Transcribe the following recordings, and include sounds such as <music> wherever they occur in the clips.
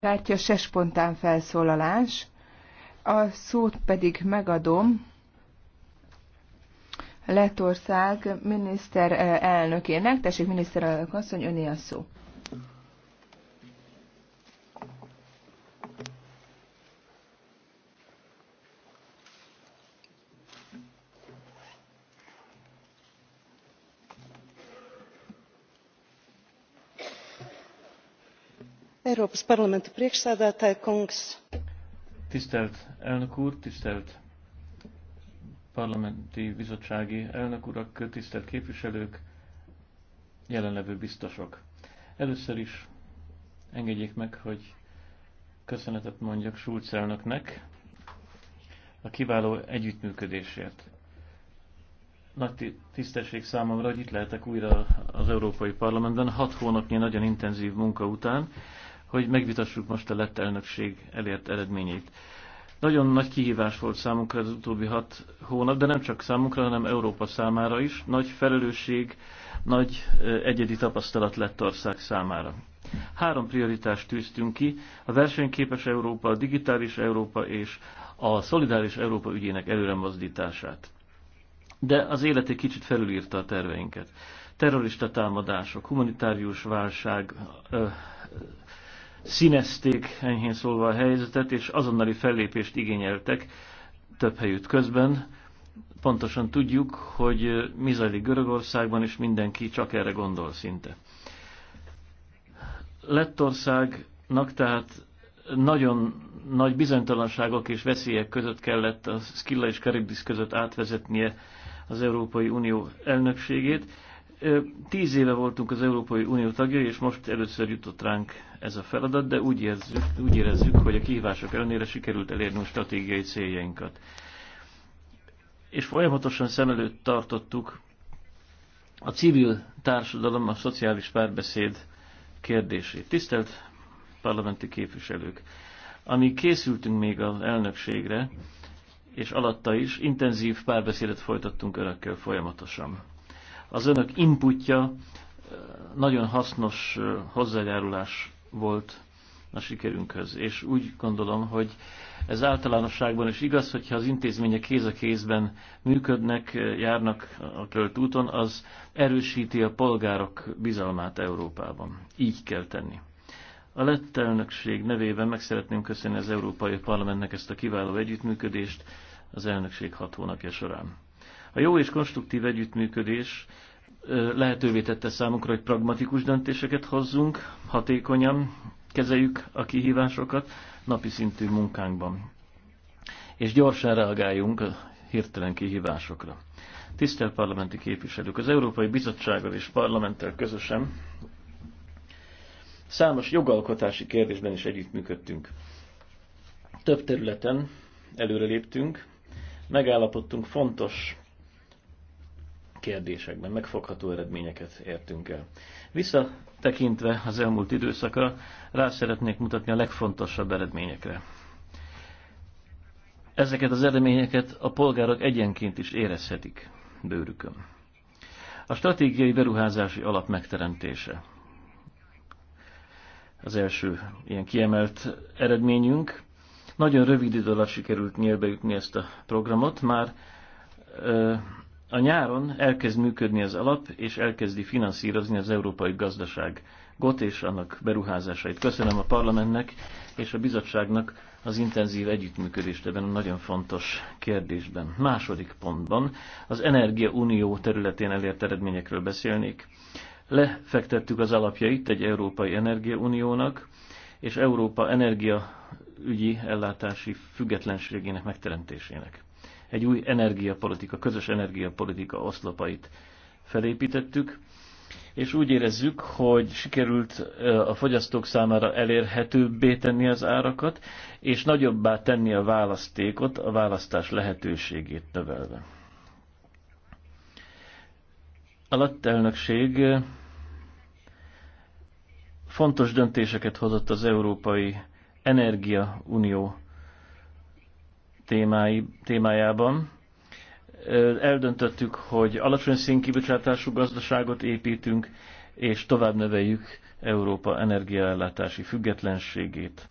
Látja, se spontán felszólalás. A szót pedig megadom miniszter miniszterelnökének. Eh, Tessék, miniszterelnök asszony, öné a szó. Tisztelt elnök úr, tisztelt parlamenti bizottsági elnök urak, tisztelt képviselők, jelenlevő biztosok. Először is engedjék meg, hogy köszönetet mondjak Schulz elnöknek a kiváló együttműködésért. Nagy tisztesség számomra, hogy itt lehetek újra az Európai Parlamentben, hat hónapnyi nagyon intenzív munka után, hogy megvitassuk most a lett elnökség elért eredményét. Nagyon nagy kihívás volt számunkra az utóbbi hat hónap, de nem csak számunkra, hanem Európa számára is. Nagy felelősség, nagy egyedi tapasztalat lett ország számára. Három prioritást tűztünk ki, a versenyképes Európa, a digitális Európa és a szolidáris Európa ügyének előremozdítását. De az élet egy kicsit felülírta a terveinket. Terrorista támadások, humanitárius válság, ö, ö, színezték enyhén szólva a helyzetet, és azonnali fellépést igényeltek több helyütt közben. Pontosan tudjuk, hogy mi zajlik Görögországban, és mindenki csak erre gondol szinte. Lettországnak tehát nagyon nagy bizonytalanságok és veszélyek között kellett a Skilla és Karibdis között átvezetnie az Európai Unió elnökségét. Tíz éve voltunk az Európai Unió tagjai, és most először jutott ránk ez a feladat, de úgy érezzük, úgy érezzük hogy a kihívások ellenére sikerült elérnünk stratégiai céljainkat. És folyamatosan szem előtt tartottuk a civil társadalom, a szociális párbeszéd kérdését. Tisztelt parlamenti képviselők! Amíg készültünk még az elnökségre, és alatta is intenzív párbeszédet folytattunk önökkel folyamatosan. Az önök inputja nagyon hasznos hozzájárulás volt a sikerünkhöz. És úgy gondolom, hogy ez általánosságban is igaz, hogyha az intézmények kéz a kézben működnek, járnak a költ úton, az erősíti a polgárok bizalmát Európában. Így kell tenni. A lett elnökség nevében meg szeretném köszönni az Európai Parlamentnek ezt a kiváló együttműködést az elnökség hat hónapja során. A jó és konstruktív együttműködés lehetővé tette számunkra, hogy pragmatikus döntéseket hozzunk, hatékonyan kezeljük a kihívásokat napi szintű munkánkban, és gyorsan reagáljunk a hirtelen kihívásokra. Tisztelt parlamenti képviselők, az Európai Bizottsággal és parlamenttel közösen számos jogalkotási kérdésben is együttműködtünk. Több területen előreléptünk, megállapodtunk fontos kérdésekben megfogható eredményeket értünk el. Visszatekintve az elmúlt időszakra, rá szeretnék mutatni a legfontosabb eredményekre. Ezeket az eredményeket a polgárok egyenként is érezhetik bőrükön. A stratégiai beruházási alap megteremtése. Az első ilyen kiemelt eredményünk. Nagyon rövid idő alatt sikerült nyílbeütni ezt a programot, már a nyáron elkezd működni az alap, és elkezdi finanszírozni az európai gazdaság got és annak beruházásait. Köszönöm a parlamentnek és a bizottságnak az intenzív együttműködést ebben a nagyon fontos kérdésben. Második pontban az Energia Unió területén elért eredményekről beszélnék. Lefektettük az alapjait egy Európai Energia Uniónak, és Európa energia ügyi ellátási függetlenségének megteremtésének egy új energiapolitika, közös energiapolitika oszlopait felépítettük, és úgy érezzük, hogy sikerült a fogyasztók számára elérhetőbbé tenni az árakat, és nagyobbá tenni a választékot, a választás lehetőségét növelve. A lett elnökség fontos döntéseket hozott az Európai Energia Unió témái, témájában. Eldöntöttük, hogy alacsony színkibocsátású gazdaságot építünk, és tovább növeljük Európa energiaellátási függetlenségét.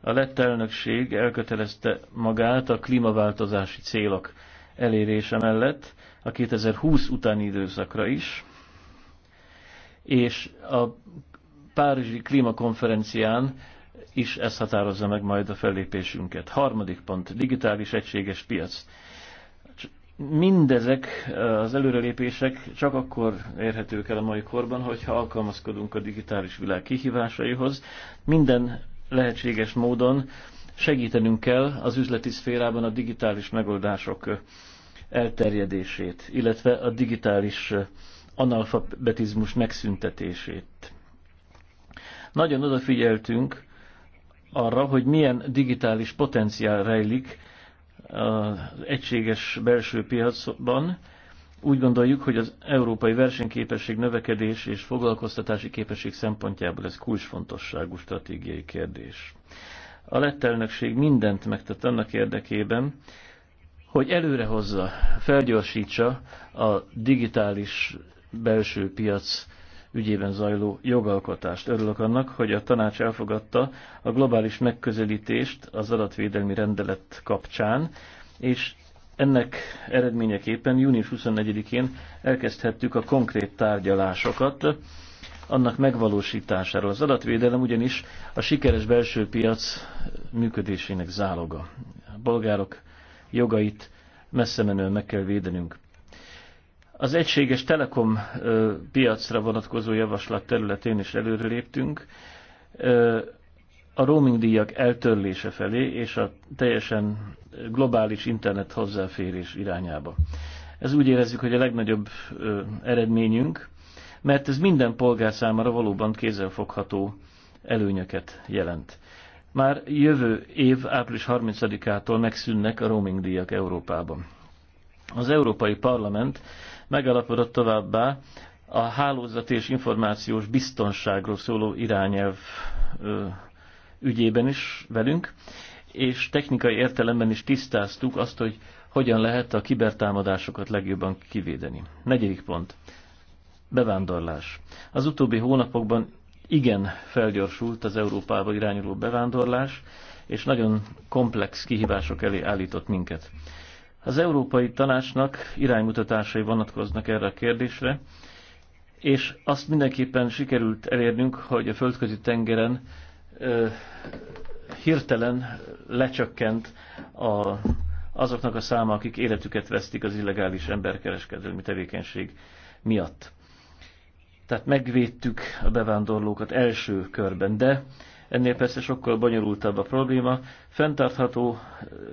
A lett elnökség elkötelezte magát a klímaváltozási célok elérése mellett a 2020 utáni időszakra is, és a Párizsi klímakonferencián is ez határozza meg majd a fellépésünket. Harmadik pont, digitális egységes piac. Mindezek az előrelépések csak akkor érhetők el a mai korban, hogyha alkalmazkodunk a digitális világ kihívásaihoz. Minden lehetséges módon segítenünk kell az üzleti szférában a digitális megoldások elterjedését, illetve a digitális analfabetizmus megszüntetését. Nagyon odafigyeltünk arra, hogy milyen digitális potenciál rejlik az egységes belső piacban. Úgy gondoljuk, hogy az európai versenyképesség növekedés és foglalkoztatási képesség szempontjából ez kulcsfontosságú stratégiai kérdés. A lett elnökség mindent megtett annak érdekében, hogy előrehozza, felgyorsítsa a digitális belső piac ügyében zajló jogalkotást. Örülök annak, hogy a tanács elfogadta a globális megközelítést az adatvédelmi rendelet kapcsán, és ennek eredményeképpen június 24-én elkezdhettük a konkrét tárgyalásokat annak megvalósításáról. Az adatvédelem ugyanis a sikeres belső piac működésének záloga. A bolgárok jogait messze menően meg kell védenünk. Az egységes telekom piacra vonatkozó javaslat területén is előre léptünk. A roaming díjak eltörlése felé és a teljesen globális internet hozzáférés irányába. Ez úgy érezzük, hogy a legnagyobb eredményünk, mert ez minden polgár számára valóban kézzelfogható előnyöket jelent. Már jövő év április 30-ától megszűnnek a roaming díjak Európában. Az Európai Parlament megalapodott továbbá a hálózat és információs biztonságról szóló irányelv ügyében is velünk, és technikai értelemben is tisztáztuk azt, hogy hogyan lehet a kibertámadásokat legjobban kivédeni. Negyedik pont. Bevándorlás. Az utóbbi hónapokban igen felgyorsult az Európába irányuló bevándorlás, és nagyon komplex kihívások elé állított minket. Az Európai Tanácsnak iránymutatásai vonatkoznak erre a kérdésre, és azt mindenképpen sikerült elérnünk, hogy a földközi tengeren ö, hirtelen lecsökkent a, azoknak a száma, akik életüket vesztik az illegális emberkereskedelmi tevékenység miatt. Tehát megvédtük a bevándorlókat első körben, de Ennél persze sokkal bonyolultabb a probléma. Fentartható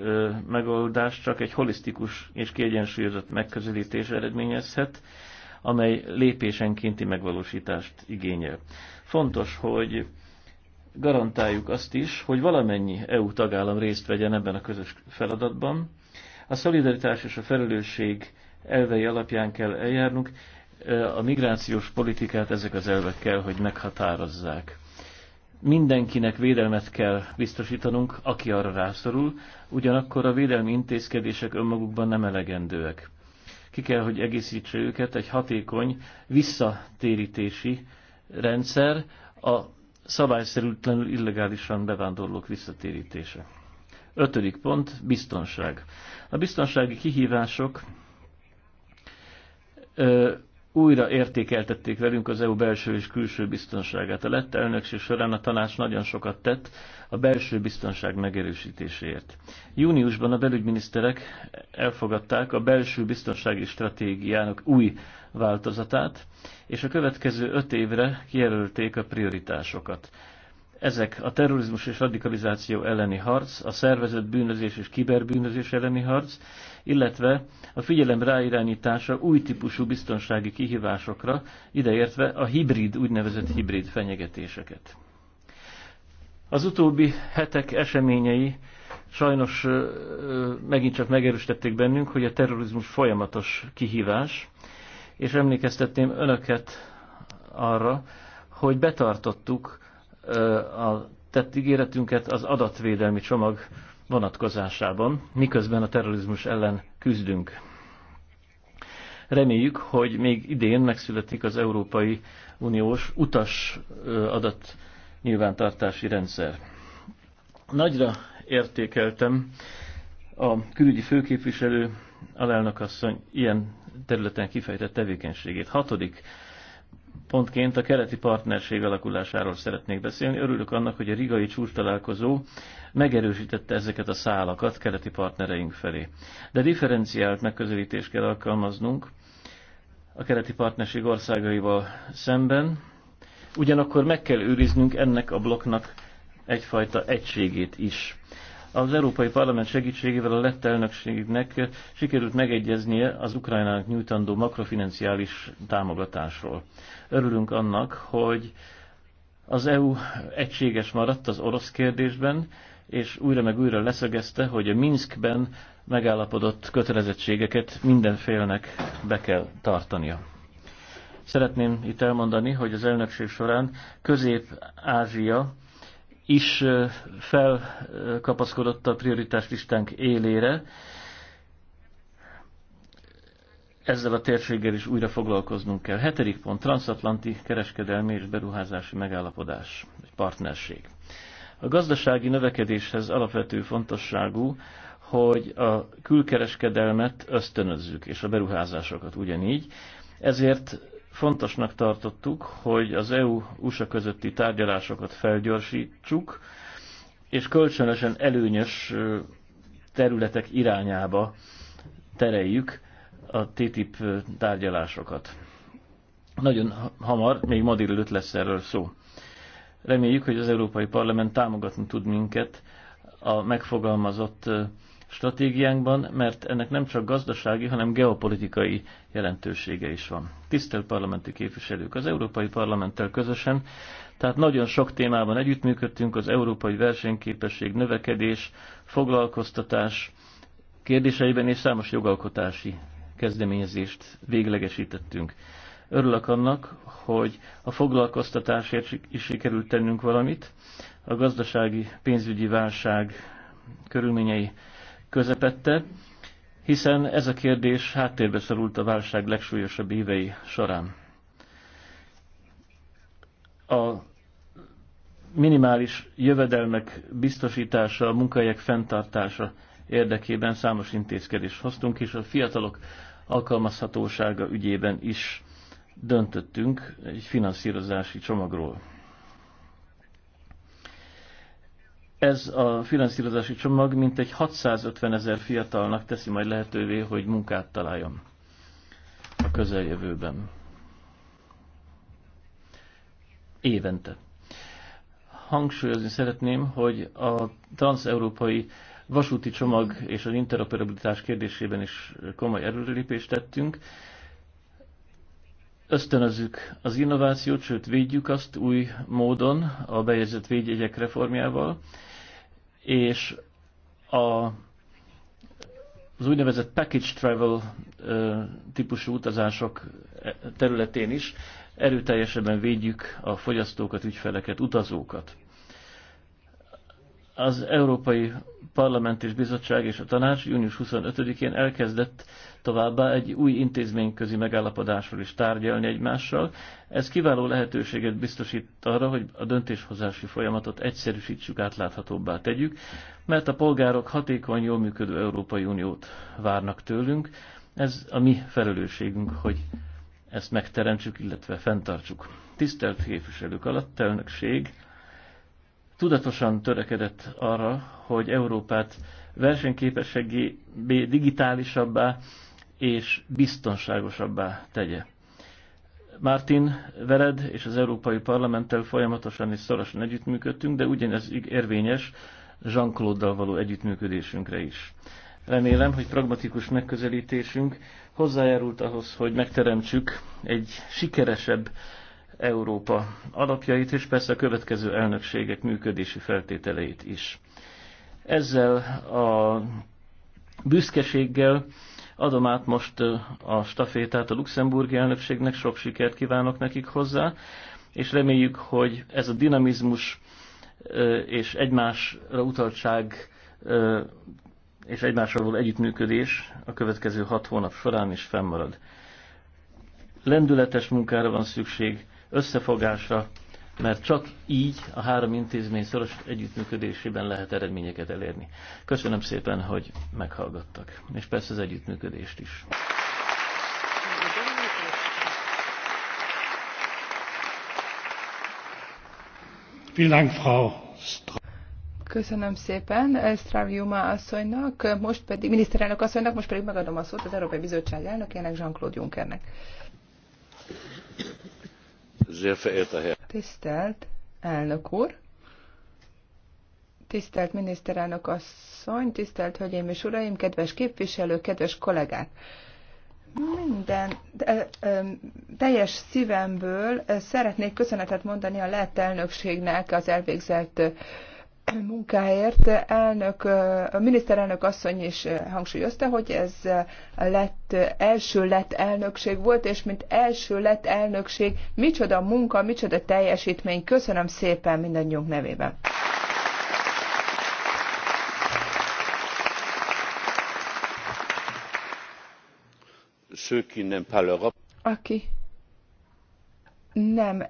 ö, megoldás csak egy holisztikus és kiegyensúlyozott megközelítés eredményezhet, amely lépésenkénti megvalósítást igényel. Fontos, hogy garantáljuk azt is, hogy valamennyi EU tagállam részt vegyen ebben a közös feladatban. A szolidaritás és a felelősség elvei alapján kell eljárnunk, a migrációs politikát ezek az elvek kell, hogy meghatározzák mindenkinek védelmet kell biztosítanunk, aki arra rászorul, ugyanakkor a védelmi intézkedések önmagukban nem elegendőek. Ki kell, hogy egészítse őket egy hatékony visszatérítési rendszer a szabályszerűtlenül illegálisan bevándorlók visszatérítése. Ötödik pont, biztonság. A biztonsági kihívások ö, újra értékeltették velünk az EU belső és külső biztonságát. A lett elnökség során a tanács nagyon sokat tett a belső biztonság megerősítéséért. Júniusban a belügyminiszterek elfogadták a belső biztonsági stratégiának új változatát, és a következő öt évre kijelölték a prioritásokat. Ezek a terrorizmus és radikalizáció elleni harc, a szervezett bűnözés és kiberbűnözés elleni harc, illetve a figyelem ráirányítása új típusú biztonsági kihívásokra, ideértve a hibrid, úgynevezett hibrid fenyegetéseket. Az utóbbi hetek eseményei sajnos megint csak megerősítették bennünk, hogy a terrorizmus folyamatos kihívás, és emlékeztetném önöket arra, hogy betartottuk a tett ígéretünket az adatvédelmi csomag vonatkozásában, miközben a terrorizmus ellen küzdünk. Reméljük, hogy még idén megszületik az Európai Uniós utas adat nyilvántartási rendszer. Nagyra értékeltem a külügyi főképviselő asszony ilyen területen kifejtett tevékenységét. Hatodik pontként a keleti partnerség alakulásáról szeretnék beszélni. Örülök annak, hogy a rigai csúcs találkozó megerősítette ezeket a szálakat keleti partnereink felé. De differenciált megközelítést kell alkalmaznunk a keleti partnerség országaival szemben, ugyanakkor meg kell őriznünk ennek a blokknak egyfajta egységét is. Az Európai Parlament segítségével a lett elnökségnek sikerült megegyeznie az Ukrajnának nyújtandó makrofinanciális támogatásról. Örülünk annak, hogy az EU egységes maradt az orosz kérdésben, és újra meg újra leszögezte, hogy a Minskben megállapodott kötelezettségeket mindenfélnek be kell tartania. Szeretném itt elmondani, hogy az elnökség során Közép-Ázsia is felkapaszkodott a prioritás listánk élére. Ezzel a térséggel is újra foglalkoznunk kell. Hetedik pont, transatlanti kereskedelmi és beruházási megállapodás, egy partnerség. A gazdasági növekedéshez alapvető fontosságú, hogy a külkereskedelmet ösztönözzük, és a beruházásokat ugyanígy. Ezért fontosnak tartottuk, hogy az EU-USA közötti tárgyalásokat felgyorsítsuk, és kölcsönösen előnyös területek irányába tereljük a TTIP tárgyalásokat. Nagyon hamar, még ma délelőtt lesz erről szó. Reméljük, hogy az Európai Parlament támogatni tud minket a megfogalmazott stratégiánkban, mert ennek nem csak gazdasági, hanem geopolitikai jelentősége is van. Tisztelt parlamenti képviselők, az Európai Parlamenttel közösen, tehát nagyon sok témában együttműködtünk, az európai versenyképesség, növekedés, foglalkoztatás kérdéseiben és számos jogalkotási kezdeményezést véglegesítettünk. Örülök annak, hogy a foglalkoztatásért is sikerült tennünk valamit. A gazdasági pénzügyi válság körülményei közepette, hiszen ez a kérdés háttérbe szorult a válság legsúlyosabb évei során. A minimális jövedelmek biztosítása, a munkahelyek fenntartása érdekében számos intézkedést hoztunk, és a fiatalok alkalmazhatósága ügyében is döntöttünk egy finanszírozási csomagról. Ez a finanszírozási csomag mintegy 650 ezer fiatalnak teszi majd lehetővé, hogy munkát találjon a közeljövőben. Évente. Hangsúlyozni szeretném, hogy a transeurópai vasúti csomag és az interoperabilitás kérdésében is komoly erőrelépést tettünk. Ösztönözzük az innovációt, sőt védjük azt új módon a bejegyzett védjegyek reformjával, és a, az úgynevezett package travel ö, típusú utazások e, területén is erőteljesebben védjük a fogyasztókat, ügyfeleket, utazókat. Az Európai Parlament és Bizottság és a Tanács június 25-én elkezdett továbbá egy új intézményközi megállapodásról is tárgyalni egymással. Ez kiváló lehetőséget biztosít arra, hogy a döntéshozási folyamatot egyszerűsítsük, átláthatóbbá tegyük, mert a polgárok hatékony, jól működő Európai Uniót várnak tőlünk. Ez a mi felelősségünk, hogy ezt megteremtsük, illetve fenntartsuk. Tisztelt képviselők alatt, elnökség tudatosan törekedett arra, hogy Európát versenyképességé, digitálisabbá, és biztonságosabbá tegye. Martin veled és az Európai Parlamenttel folyamatosan és szorosan együttműködtünk, de ugyanez érvényes Jean-Claude-dal való együttműködésünkre is. Remélem, hogy pragmatikus megközelítésünk hozzájárult ahhoz, hogy megteremtsük egy sikeresebb Európa alapjait, és persze a következő elnökségek működési feltételeit is. Ezzel a büszkeséggel Adom át most a stafétát a luxemburgi elnökségnek, sok sikert kívánok nekik hozzá, és reméljük, hogy ez a dinamizmus és egymásra utaltság és egymással való együttműködés a következő hat hónap során is fennmarad. Lendületes munkára van szükség, összefogásra, mert csak így a három intézmény szoros együttműködésében lehet eredményeket elérni. Köszönöm szépen, hogy meghallgattak, és persze az együttműködést is. Köszönöm szépen eh, Straviuma asszonynak, most pedig miniszterelnök asszonynak, most pedig megadom a szót az Európai Bizottság elnökének, Jean-Claude Junckernek. Sehr verehrter Herr Tisztelt elnök úr! Tisztelt miniszterelnök asszony, tisztelt hölgyeim és uraim, kedves képviselők, kedves kollégák! Minden de, ö, teljes szívemből szeretnék köszönetet mondani a lett elnökségnek az elvégzett munkáért elnök, a miniszterelnök asszony is hangsúlyozta, hogy ez lett, első lett elnökség volt, és mint első lett elnökség, micsoda munka, micsoda teljesítmény. Köszönöm szépen mindannyiunk nevében. Aki nem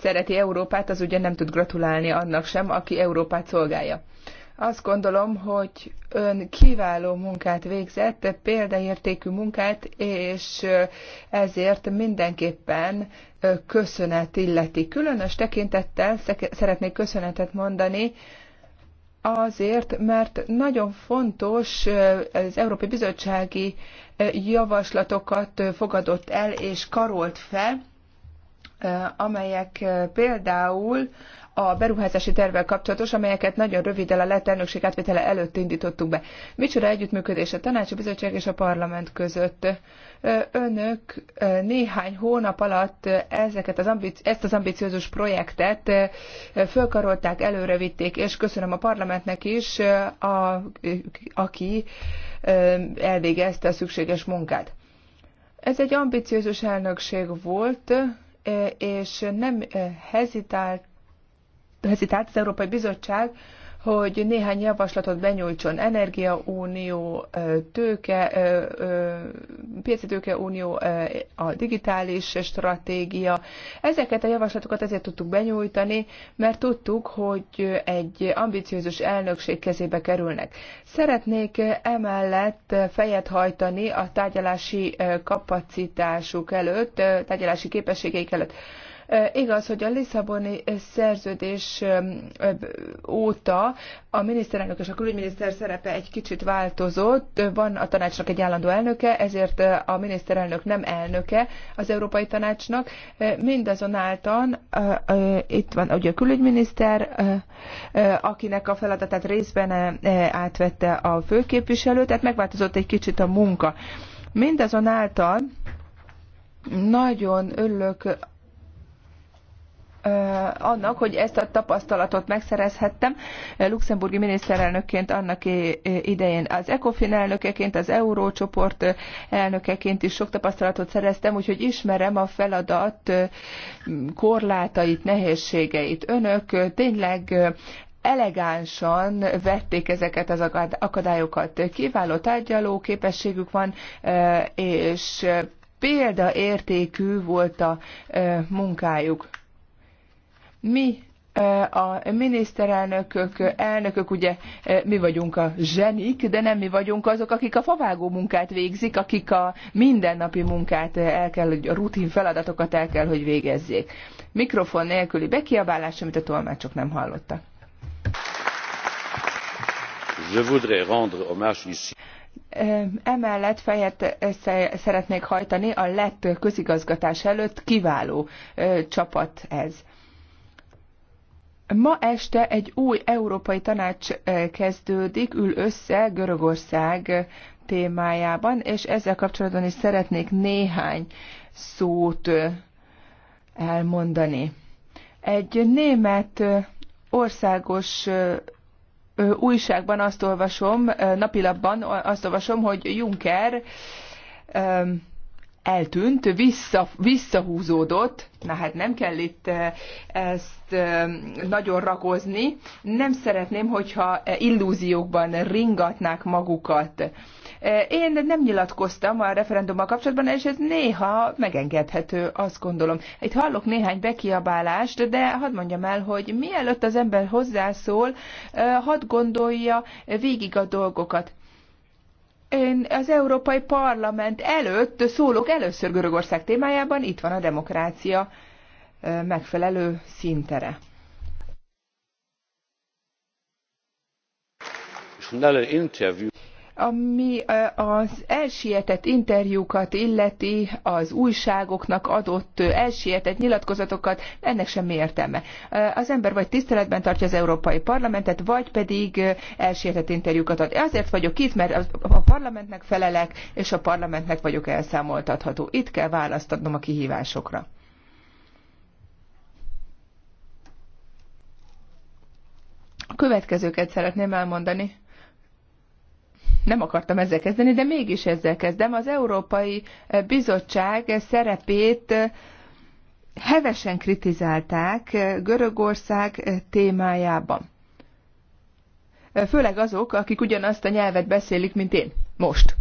szereti Európát, az ugye nem tud gratulálni annak sem, aki Európát szolgálja. Azt gondolom, hogy ön kiváló munkát végzett, példaértékű munkát, és ezért mindenképpen köszönet illeti. Különös tekintettel szeretnék köszönetet mondani, Azért, mert nagyon fontos az Európai Bizottsági javaslatokat fogadott el és karolt fel, Eh, amelyek eh, például a beruházási tervvel kapcsolatos, amelyeket nagyon röviddel a lett elnökség átvétele előtt indítottuk be. Micsoda együttműködés a tanács, a bizottság és a parlament között. Eh, önök néhány hónap alatt ezeket az ambici- ezt az ambiciózus projektet fölkarolták, előrevitték, és köszönöm a parlamentnek is, a, aki elvégezte a szükséges munkát. Ez egy ambiciózus elnökség volt, és nem hezitált, hezitált az Európai Bizottság hogy néhány javaslatot benyújtson Energia Unió tőke, piaci Unió a digitális stratégia. Ezeket a javaslatokat ezért tudtuk benyújtani, mert tudtuk, hogy egy ambiciózus elnökség kezébe kerülnek. Szeretnék emellett fejet hajtani a tárgyalási kapacitásuk előtt, tárgyalási képességeik előtt. Igaz, hogy a Lisszaboni szerződés óta a miniszterelnök és a külügyminiszter szerepe egy kicsit változott. Van a tanácsnak egy állandó elnöke, ezért a miniszterelnök nem elnöke az Európai Tanácsnak. Mindazonáltal itt van ugye a külügyminiszter, akinek a feladatát részben átvette a főképviselő, tehát megváltozott egy kicsit a munka. Mindazonáltal nagyon örülök annak, hogy ezt a tapasztalatot megszerezhettem luxemburgi miniszterelnökként annak idején. Az ECOFIN elnökeként, az Eurócsoport elnökeként is sok tapasztalatot szereztem, úgyhogy ismerem a feladat korlátait, nehézségeit. Önök tényleg elegánsan vették ezeket az akadályokat. Kiváló tárgyaló képességük van, és példaértékű volt a munkájuk mi a miniszterelnökök, elnökök, ugye mi vagyunk a zsenik, de nem mi vagyunk azok, akik a favágó munkát végzik, akik a mindennapi munkát el kell, hogy a rutin feladatokat el kell, hogy végezzék. Mikrofon nélküli bekiabálás, amit a tolmácsok nem hallottak. Je voudrais rendre hommage ici emellett fejet szeretnék hajtani a lett közigazgatás előtt kiváló csapat ez. Ma este egy új európai tanács eh, kezdődik, ül össze Görögország eh, témájában, és ezzel kapcsolatban is szeretnék néhány szót eh, elmondani. Egy német országos újságban azt olvasom, napilapban azt olvasom, hogy Juncker eltűnt, vissza, visszahúzódott, na hát nem kell itt eh, ezt eh, nagyon rakozni. nem szeretném, hogyha eh, illúziókban ringatnák magukat. Én nem nyilatkoztam a referendummal kapcsolatban, és ez néha megengedhető, azt gondolom. Itt hallok néhány bekiabálást, de hadd mondjam el, hogy mielőtt az ember hozzászól, hadd gondolja végig a dolgokat. Én az Európai Parlament előtt szólok először Görögország témájában, itt van a demokrácia megfelelő szintere. Schnelle Interview ami az elsietett interjúkat illeti, az újságoknak adott elsietett nyilatkozatokat, ennek semmi értelme. Az ember vagy tiszteletben tartja az Európai Parlamentet, vagy pedig elsietett interjúkat ad. Azért vagyok itt, mert a parlamentnek felelek, és a parlamentnek vagyok elszámoltatható. Itt kell választ adnom a kihívásokra. A következőket szeretném elmondani nem akartam ezzel kezdeni, de mégis ezzel kezdem. Az Európai eh, Bizottság szerepét eh, hevesen kritizálták eh, Görögország témájában. Főleg azok, akik ugyanazt a nyelvet beszélik, mint én. Most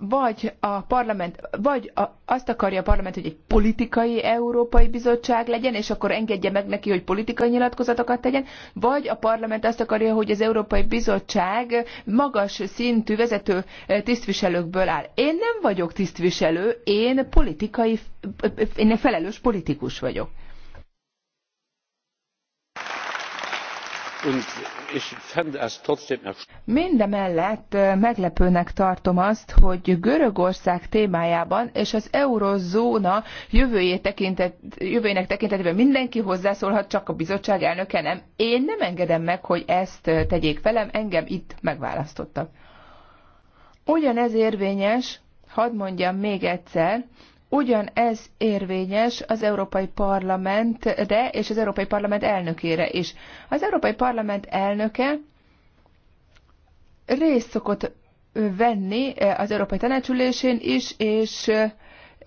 vagy a parlament, vagy a, azt akarja a parlament, hogy egy politikai Európai Bizottság legyen, és akkor engedje meg neki, hogy politikai nyilatkozatokat tegyen, vagy a parlament azt akarja, hogy az Európai Bizottság magas szintű vezető eh, tisztviselőkből áll. Én nem vagyok tisztviselő, én politikai, én felelős politikus vagyok. Mindemellett meglepőnek tartom azt, hogy Görögország témájában és az eurozóna jövőjét tekintet, jövőjének tekintetében mindenki hozzászólhat, csak a bizottság elnöke nem. Én nem engedem meg, hogy ezt tegyék velem, engem itt megválasztottak. Ugyanez érvényes, hadd mondjam még egyszer, Ugyanez érvényes az Európai Parlamentre és az Európai Parlament elnökére is. Az Európai Parlament elnöke részt szokott venni az Európai Tanácsülésén is, és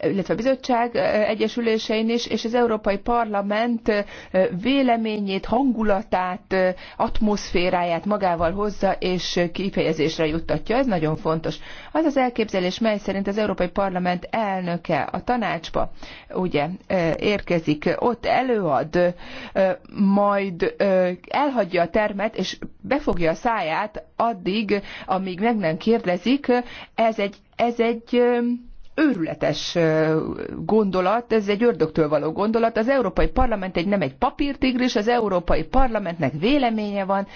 illetve a bizottság egyesülésein is, és az Európai Parlament véleményét, hangulatát, atmoszféráját magával hozza, és kifejezésre juttatja. Ez nagyon fontos. Az az elképzelés, mely szerint az Európai Parlament elnöke a tanácsba ugye érkezik, ott előad, majd elhagyja a termet, és befogja a száját addig, amíg meg nem kérdezik, ez egy, ez egy őrületes gondolat, ez egy ördögtől való gondolat. Az Európai Parlament egy nem egy papírtigris, az Európai Parlamentnek véleménye van,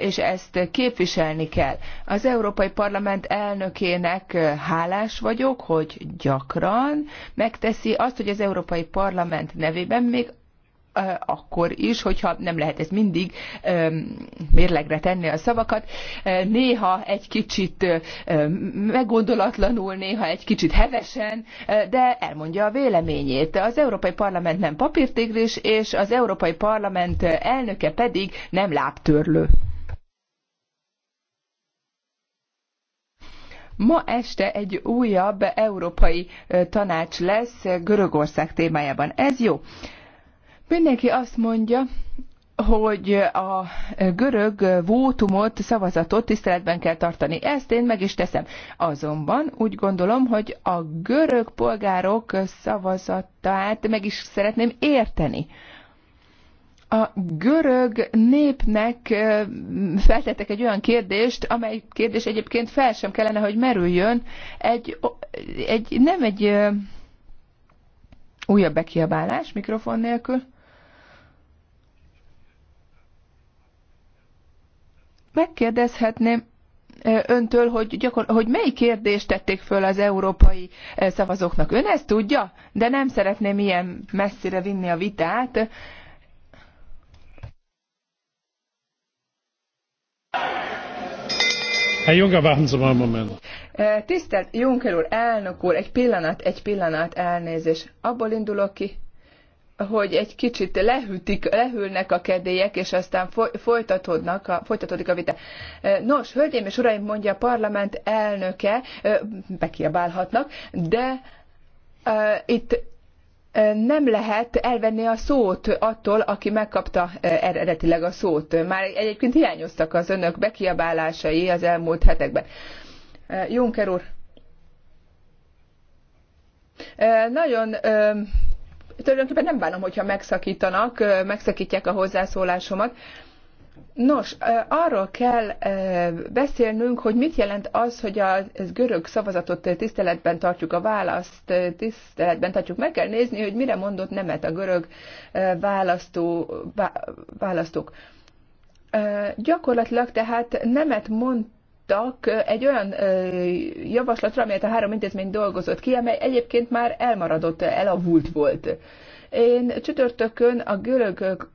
és ezt képviselni kell. Az Európai Parlament elnökének hálás vagyok, hogy gyakran megteszi azt, hogy az Európai Parlament nevében még akkor is, hogyha nem lehet ez mindig mérlegre tenni a szavakat. Néha egy kicsit meggondolatlanul, néha egy kicsit hevesen, de elmondja a véleményét. Az Európai Parlament nem papírtigris, és az Európai Parlament elnöke pedig nem lábtörlő. Ma este egy újabb európai tanács lesz Görögország témájában. Ez jó. Mindenki azt mondja, hogy a görög vótumot, szavazatot tiszteletben kell tartani. Ezt én meg is teszem. Azonban úgy gondolom, hogy a görög polgárok szavazatát meg is szeretném érteni. A görög népnek feltettek egy olyan kérdést, amely kérdés egyébként fel sem kellene, hogy merüljön. Egy, egy nem egy újabb bekiabálás mikrofon nélkül. megkérdezhetném öntől, hogy, gyakor- hogy mely kérdést tették föl az európai szavazóknak. Ön ezt tudja, de nem szeretném ilyen messzire vinni a vitát. Herr Juncker, warten Sie mal einen Moment. Tisztelt Juncker úr, elnök úr, egy pillanat, egy pillanat, elnézés. Abból indulok ki, hogy egy kicsit lehűtik, lehűlnek a kedélyek, és aztán folytatódnak a, folytatódik a vita. Nos, hölgyeim és uraim, mondja a parlament elnöke, bekiabálhatnak, de itt nem lehet elvenni a szót attól, aki megkapta er-, eredetileg a szót. Már egyébként hiányoztak az önök bekiabálásai az elmúlt hetekben. Juncker úr, nagyon tulajdonképpen nem bánom, hogyha megszakítanak, megszakítják a hozzászólásomat. Nos, arról kell beszélnünk, hogy mit jelent az, hogy a görög szavazatot tiszteletben tartjuk, a választ tiszteletben tartjuk. Meg kell nézni, hogy mire mondott nemet a görög választó, választók. Gyakorlatilag tehát nemet mond, jutottak egy olyan javaslatra, amelyet a három intézmény dolgozott ki, amely egyébként már elmaradott, elavult volt. Én csütörtökön a görög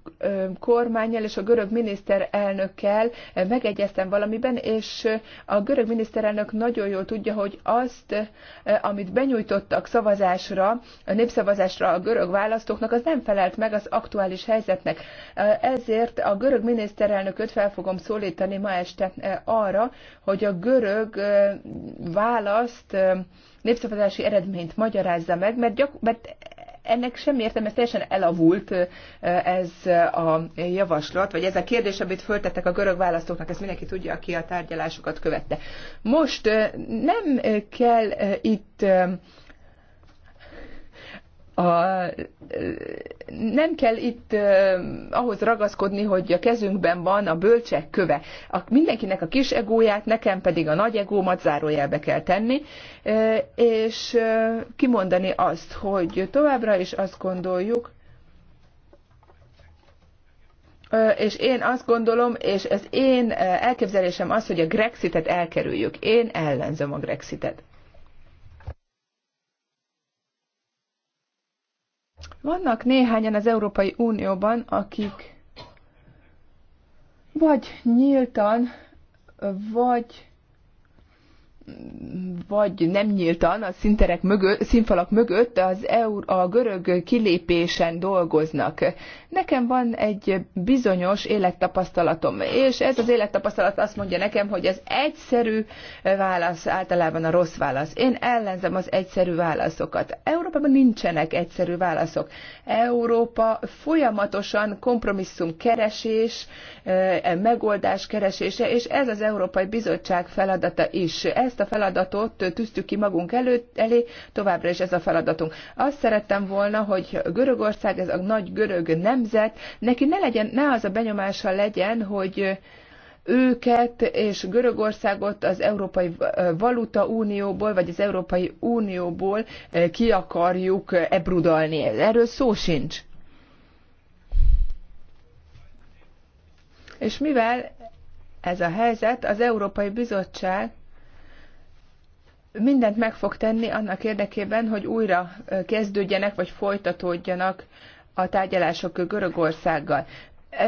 kormányjal és a görög miniszterelnökkel megegyeztem valamiben, és a görög miniszterelnök nagyon jól tudja, hogy azt, amit benyújtottak szavazásra, a népszavazásra a görög választóknak, az nem felelt meg az aktuális helyzetnek. Ezért a görög miniszterelnököt fel fogom szólítani ma este arra, hogy a görög választ népszavazási eredményt magyarázza meg, mert, gyak, mert ennek semmi értelme, ez teljesen elavult ez a javaslat, vagy ez a kérdés, amit föltettek a görög választóknak, ezt mindenki tudja, aki a tárgyalásokat követte. Most nem kell itt a, nem kell itt ahhoz ragaszkodni, hogy a kezünkben van a bölcsek köve. A, mindenkinek a kis egóját, nekem pedig a nagy egómat zárójelbe kell tenni, és kimondani azt, hogy továbbra is azt gondoljuk, és én azt gondolom, és az én elképzelésem az, hogy a Grexitet elkerüljük. Én ellenzem a Grexitet. Vannak néhányan az Európai Unióban, akik vagy nyíltan, vagy vagy nem nyíltan a szinterek mögött, színfalak mögött az EU, a görög kilépésen dolgoznak. Nekem van egy bizonyos élettapasztalatom, és ez az élettapasztalat azt mondja nekem, hogy az egyszerű válasz általában a rossz válasz. Én ellenzem az egyszerű válaszokat. Európában nincsenek egyszerű válaszok. Európa folyamatosan kompromisszum keresés, eh, megoldás keresése, és ez az Európai Bizottság feladata is. Ezt ezt a feladatot tűztük ki magunk előtt, elé, továbbra is ez a feladatunk. Azt szerettem volna, hogy Görögország, ez a nagy görög nemzet, neki ne legyen, ne az a benyomása legyen, hogy őket és Görögországot az Európai Valuta Unióból, vagy az Európai Unióból eh, ki akarjuk eh, ebrudalni. Erről szó sincs. És mivel ez a helyzet, az Európai Bizottság mindent meg fog tenni annak érdekében, hogy újra kezdődjenek vagy folytatódjanak a tárgyalások Görögországgal.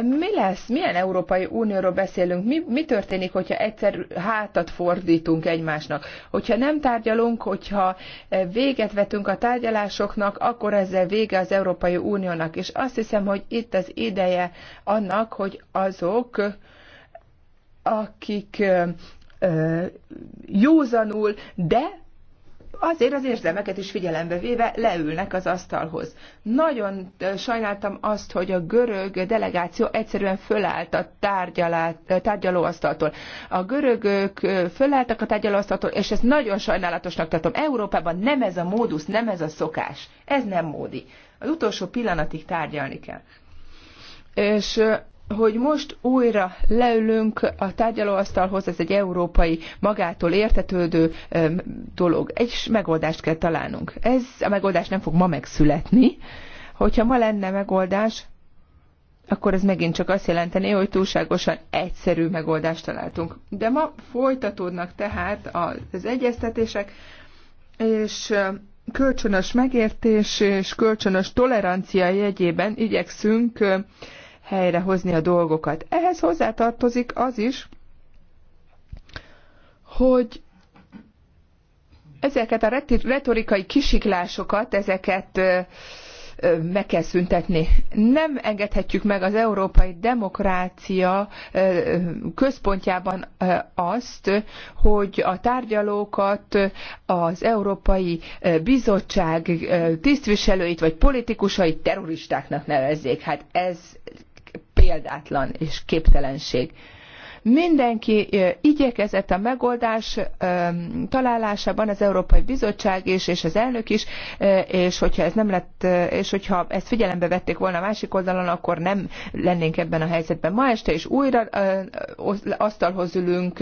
Mi lesz, milyen Európai Unióról beszélünk, mi, mi történik, hogyha egyszer hátat fordítunk egymásnak? Hogyha nem tárgyalunk, hogyha véget vetünk a tárgyalásoknak, akkor ezzel vége az Európai Uniónak. És azt hiszem, hogy itt az ideje annak, hogy azok, akik józanul, de azért az érzelmeket is figyelembe véve leülnek az asztalhoz. Nagyon sajnáltam azt, hogy a görög delegáció egyszerűen fölállt a tárgyalóasztaltól. A görögök fölálltak a tárgyalóasztaltól, és ezt nagyon sajnálatosnak tartom. Európában nem ez a módusz, nem ez a szokás. Ez nem módi. Az utolsó pillanatig tárgyalni kell. És hogy most újra leülünk a tárgyalóasztalhoz, ez egy európai, magától értetődő dolog. Egy megoldást kell találnunk. Ez a megoldás nem fog ma megszületni. Hogyha ma lenne megoldás, akkor ez megint csak azt jelenteni, hogy túlságosan egyszerű megoldást találtunk. De ma folytatódnak tehát az egyeztetések, és kölcsönös megértés és kölcsönös tolerancia jegyében igyekszünk helyrehozni a dolgokat. Ehhez hozzátartozik az is, hogy ezeket a retorikai kisiklásokat, ezeket meg kell szüntetni. Nem engedhetjük meg az európai demokrácia központjában azt, hogy a tárgyalókat az Európai Bizottság tisztviselőit vagy politikusait terroristáknak nevezzék. Hát ez példátlan és képtelenség. Mindenki igyekezett a megoldás találásában, az Európai Bizottság is, és az elnök is, és hogyha ez nem lett, és hogyha ezt figyelembe vették volna a másik oldalon, akkor nem lennénk ebben a helyzetben. Ma este is újra asztalhoz ülünk,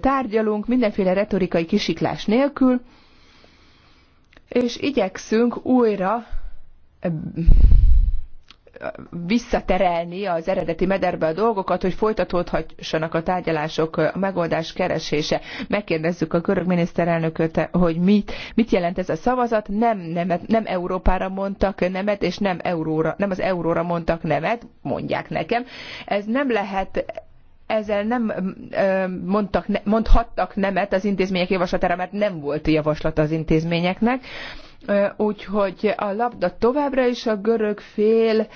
tárgyalunk, mindenféle retorikai kisiklás nélkül, és igyekszünk újra visszaterelni az eredeti mederbe a dolgokat, hogy folytatódhassanak a tárgyalások, a megoldás keresése. Megkérdezzük a görög miniszterelnököt, hogy mit, mit jelent ez a szavazat. Nem, nemet, nem Európára mondtak nemet, és nem, euróra, nem az euróra mondtak nemet, mondják nekem. Ez nem lehet ezzel nem mondtak, mondhattak nemet az intézmények javaslatára, mert nem volt javaslat az intézményeknek úgyhogy a labda továbbra is a görög fél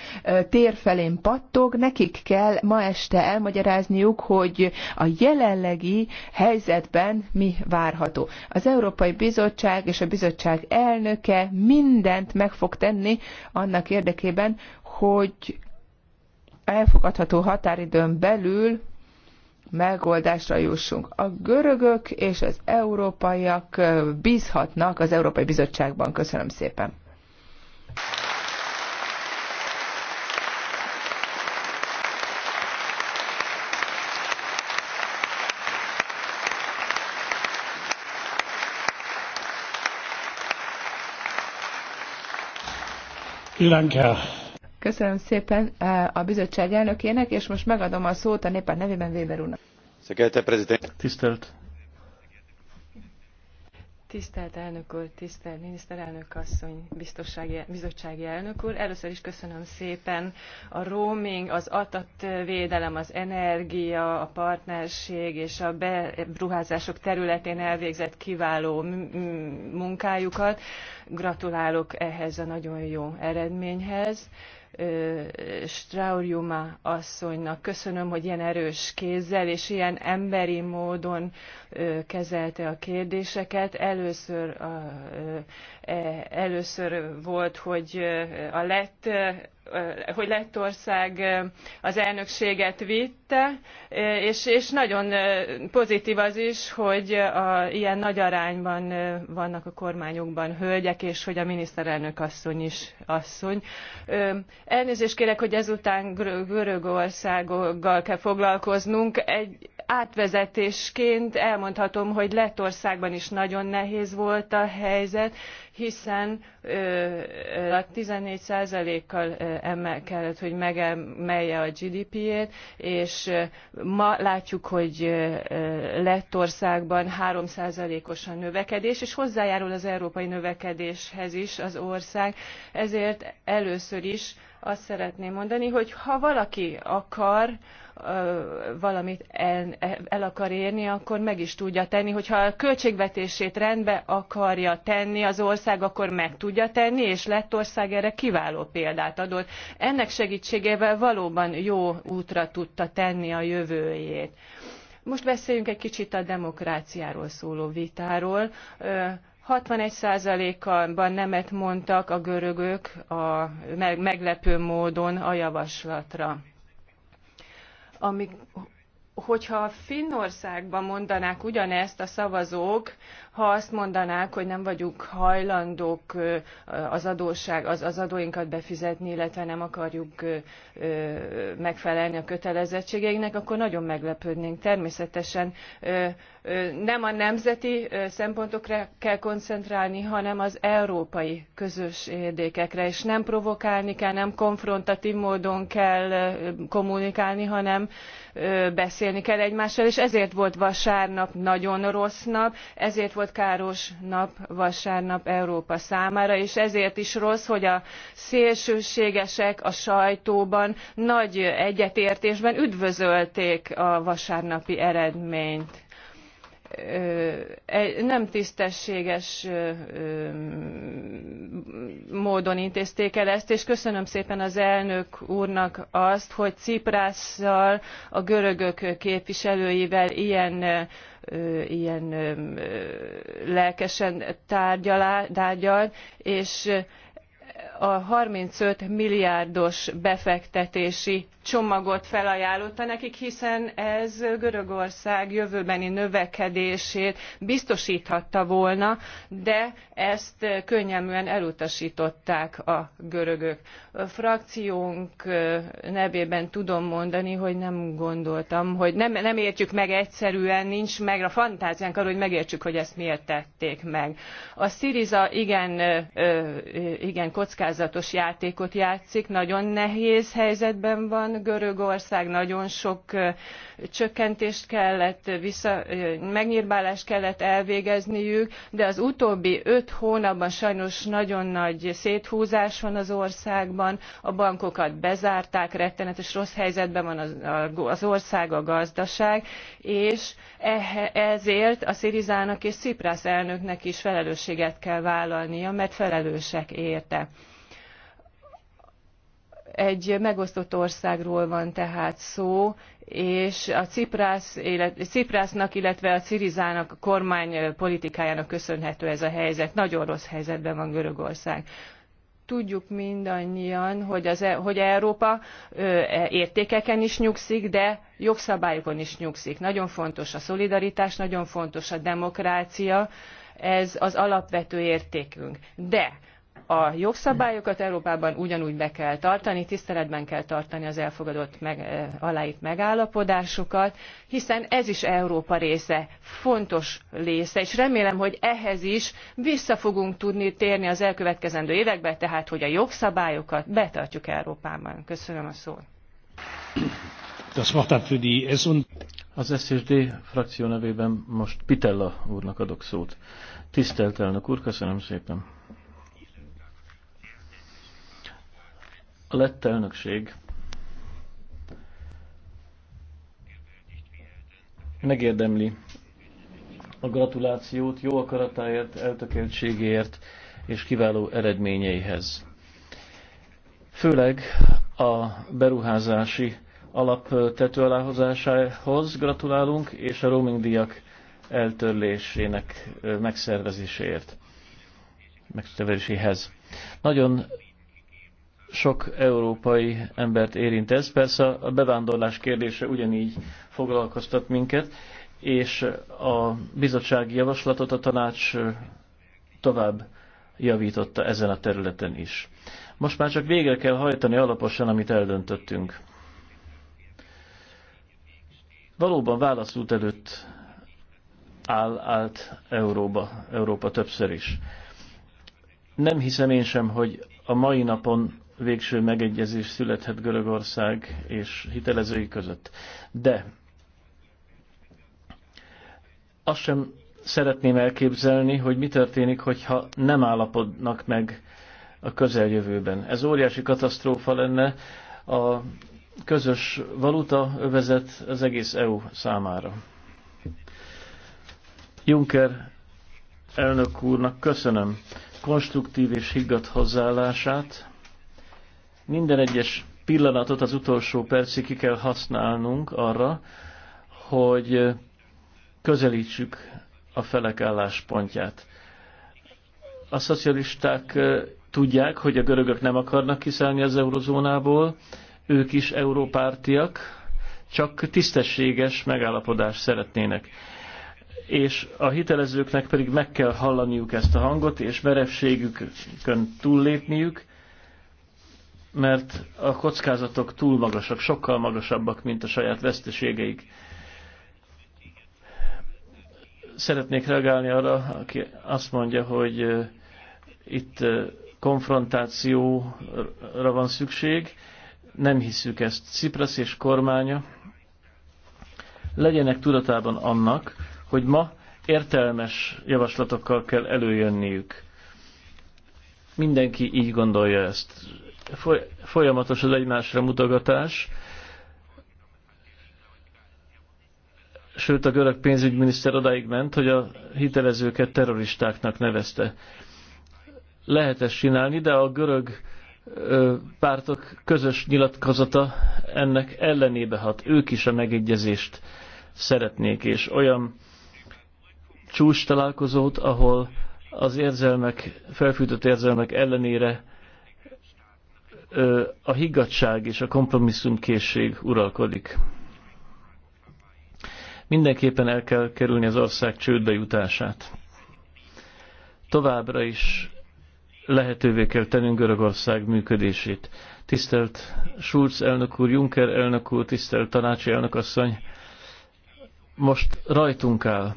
tér felén pattog, nekik kell ma este elmagyarázniuk, hogy a jelenlegi helyzetben mi várható. Az Európai Bizottság és a bizottság elnöke mindent meg fog tenni annak érdekében, hogy elfogadható határidőn belül megoldásra jussunk. A görögök és az európaiak bízhatnak az Európai Bizottságban. Köszönöm szépen. Vielen Dank, Köszönöm szépen eh, a bizottság elnökének, és most megadom a szót a néppárt nevében Weber úrnak. Tisztelt Tisztelt elnök úr, tisztelt miniszterelnök asszony, bizottsági elnök úr! Először is köszönöm szépen a roaming, az adatvédelem, az energia, a partnerség és a beruházások területén elvégzett kiváló munkájukat. Gratulálok ehhez a nagyon jó eredményhez. Strauriuma asszonynak köszönöm, hogy ilyen erős kézzel és ilyen emberi módon kezelte a kérdéseket. Először, a, e, először volt, hogy a lett hogy Lettország az elnökséget vitte, és, és nagyon pozitív az is, hogy a, ilyen nagy arányban vannak a kormányokban hölgyek, és hogy a miniszterelnök asszony is asszony. Elnézést kérek, hogy ezután Görögországgal kell foglalkoznunk. Egy átvezetésként elmondhatom, hogy Lettországban is nagyon nehéz volt a helyzet, hiszen a 14%-kal emel, kellett, hogy megemelje a GDP-jét, és ma látjuk, hogy Lettországban 3%-os a növekedés, és hozzájárul az európai növekedéshez is az ország, ezért először is azt szeretném mondani, hogy ha valaki akar, valamit el, el akar érni, akkor meg is tudja tenni. Hogyha a költségvetését rendbe akarja tenni az ország, akkor meg tudja tenni, és ország erre kiváló példát adott. Ennek segítségével valóban jó útra tudta tenni a jövőjét. Most beszéljünk egy kicsit a demokráciáról szóló vitáról. 61%-ban nemet mondtak a görögök a meglepő módon a javaslatra amik hogyha Finnországban mondanák ugyanezt a szavazók, ha azt mondanák, hogy nem vagyunk hajlandók az adósság, az, az adóinkat befizetni, illetve nem akarjuk megfelelni a kötelezettségeinknek, akkor nagyon meglepődnénk. Természetesen nem a nemzeti szempontokra kell koncentrálni, hanem az európai közös érdekekre, és nem provokálni kell, nem konfrontatív módon kell kommunikálni, hanem beszélni kell egymással, és ezért volt vasárnap nagyon rossz nap, ezért volt káros nap vasárnap Európa számára, és ezért is rossz, hogy a szélsőségesek a sajtóban nagy egyetértésben üdvözölték a vasárnapi eredményt nem tisztességes módon intézték el ezt, és köszönöm szépen az elnök úrnak azt, hogy Ciprásszal, a görögök képviselőivel ilyen, ilyen lelkesen tárgyal, tárgyal és a 35 milliárdos befektetési csomagot felajánlotta nekik hiszen ez görögország jövőbeni növekedését biztosthatta volna de ezt könnyelműen elutastották a görögök. frakciónk nevében tudom mondani hogy nem gondoltam hogy nem, nem értjük meg egyszerűen nincs meg a fantáziánk arra hogy megértsük hogy ezt miért tették meg. a syriza igen, igen kockázatos játékot játszik nagyon nehéz helyzetben van Görögország nagyon sok csökkentést kellett, vissza, megnyírbálást kellett elvégezniük, de az utóbbi öt hónapban sajnos nagyon nagy széthúzás van az országban, a bankokat bezárták, rettenetes rossz helyzetben van az, az ország, a gazdaság, és ezért a Szirizának és Ciprász elnöknek is felelősséget kell vállalnia, mert felelősek érte. Egy megosztott országról van tehát szó, és a Ciprász, Ciprásznak, illetve a Cirizának a kormány politikájának köszönhető ez a helyzet. Nagyon rossz helyzetben van Görögország tudjuk mindannyian, hogy, az, e- hogy Európa e- értékeken is nyugszik, de jogszabályokon is nyugszik. Nagyon fontos a szolidaritás, nagyon fontos a demokrácia, ez az alapvető értékünk. De a jogszabályokat Európában ugyanúgy be kell tartani, tiszteletben kell tartani az elfogadott meg, aláírt megállapodásokat, hiszen ez is Európa része, fontos része, és remélem, hogy ehhez is vissza fogunk tudni térni az elkövetkezendő években, tehát hogy a jogszabályokat betartjuk Európában. Köszönöm a szót. Das Wort hat für die S und az SZSD frakció nevében most Pitella úrnak adok szót. Tisztelt elnök úr, köszönöm szépen. A lett elnökség megérdemli a gratulációt jó akaratáért, eltökéltségéért és kiváló eredményeihez. Főleg a beruházási alap tető aláhozásához gratulálunk, és a roaming díjak eltörlésének megszervezéséért, megszervezéséhez. Nagyon sok európai embert érint ez. Persze a bevándorlás kérdése ugyanígy foglalkoztat minket, és a bizottsági javaslatot a tanács tovább javította ezen a területen is. Most már csak végre kell hajtani alaposan, amit eldöntöttünk. Valóban válaszút előtt áll, állt Európa, Európa többször is. Nem hiszem én sem, hogy a mai napon végső megegyezés születhet Görögország és hitelezői között. De azt sem szeretném elképzelni, hogy mi történik, hogyha nem állapodnak meg a közeljövőben. Ez óriási katasztrófa lenne a közös valuta övezet az egész EU számára. Juncker elnök úrnak köszönöm konstruktív és higgadt hozzáállását, minden egyes pillanatot az utolsó percig ki kell használnunk arra, hogy közelítsük a felek álláspontját. A szocialisták tudják, hogy a görögök nem akarnak kiszállni az eurozónából, ők is európártiak, csak tisztességes megállapodást szeretnének. És a hitelezőknek pedig meg kell hallaniuk ezt a hangot, és merevségükön túllépniük, mert a kockázatok túl magasak, sokkal magasabbak, mint a saját veszteségeik. Szeretnék reagálni arra, aki azt mondja, hogy itt konfrontációra van szükség. Nem hiszük ezt. Ciprasz és kormánya legyenek tudatában annak, hogy ma értelmes javaslatokkal kell előjönniük. Mindenki így gondolja ezt folyamatos az egymásra mutogatás. Sőt, a görög pénzügyminiszter odáig ment, hogy a hitelezőket terroristáknak nevezte. Lehet ezt csinálni, de a görög pártok közös nyilatkozata ennek ellenébe hat. Ők is a megegyezést szeretnék, és olyan csúcs találkozót, ahol az érzelmek, felfűtött érzelmek ellenére a higgadság és a kompromisszumkészség uralkodik. Mindenképpen el kell kerülni az ország csődbe jutását. Továbbra is lehetővé kell tennünk Görögország működését. Tisztelt Schulz elnök úr, Juncker elnök úr, tisztelt tanácsi elnök asszony, most rajtunk áll,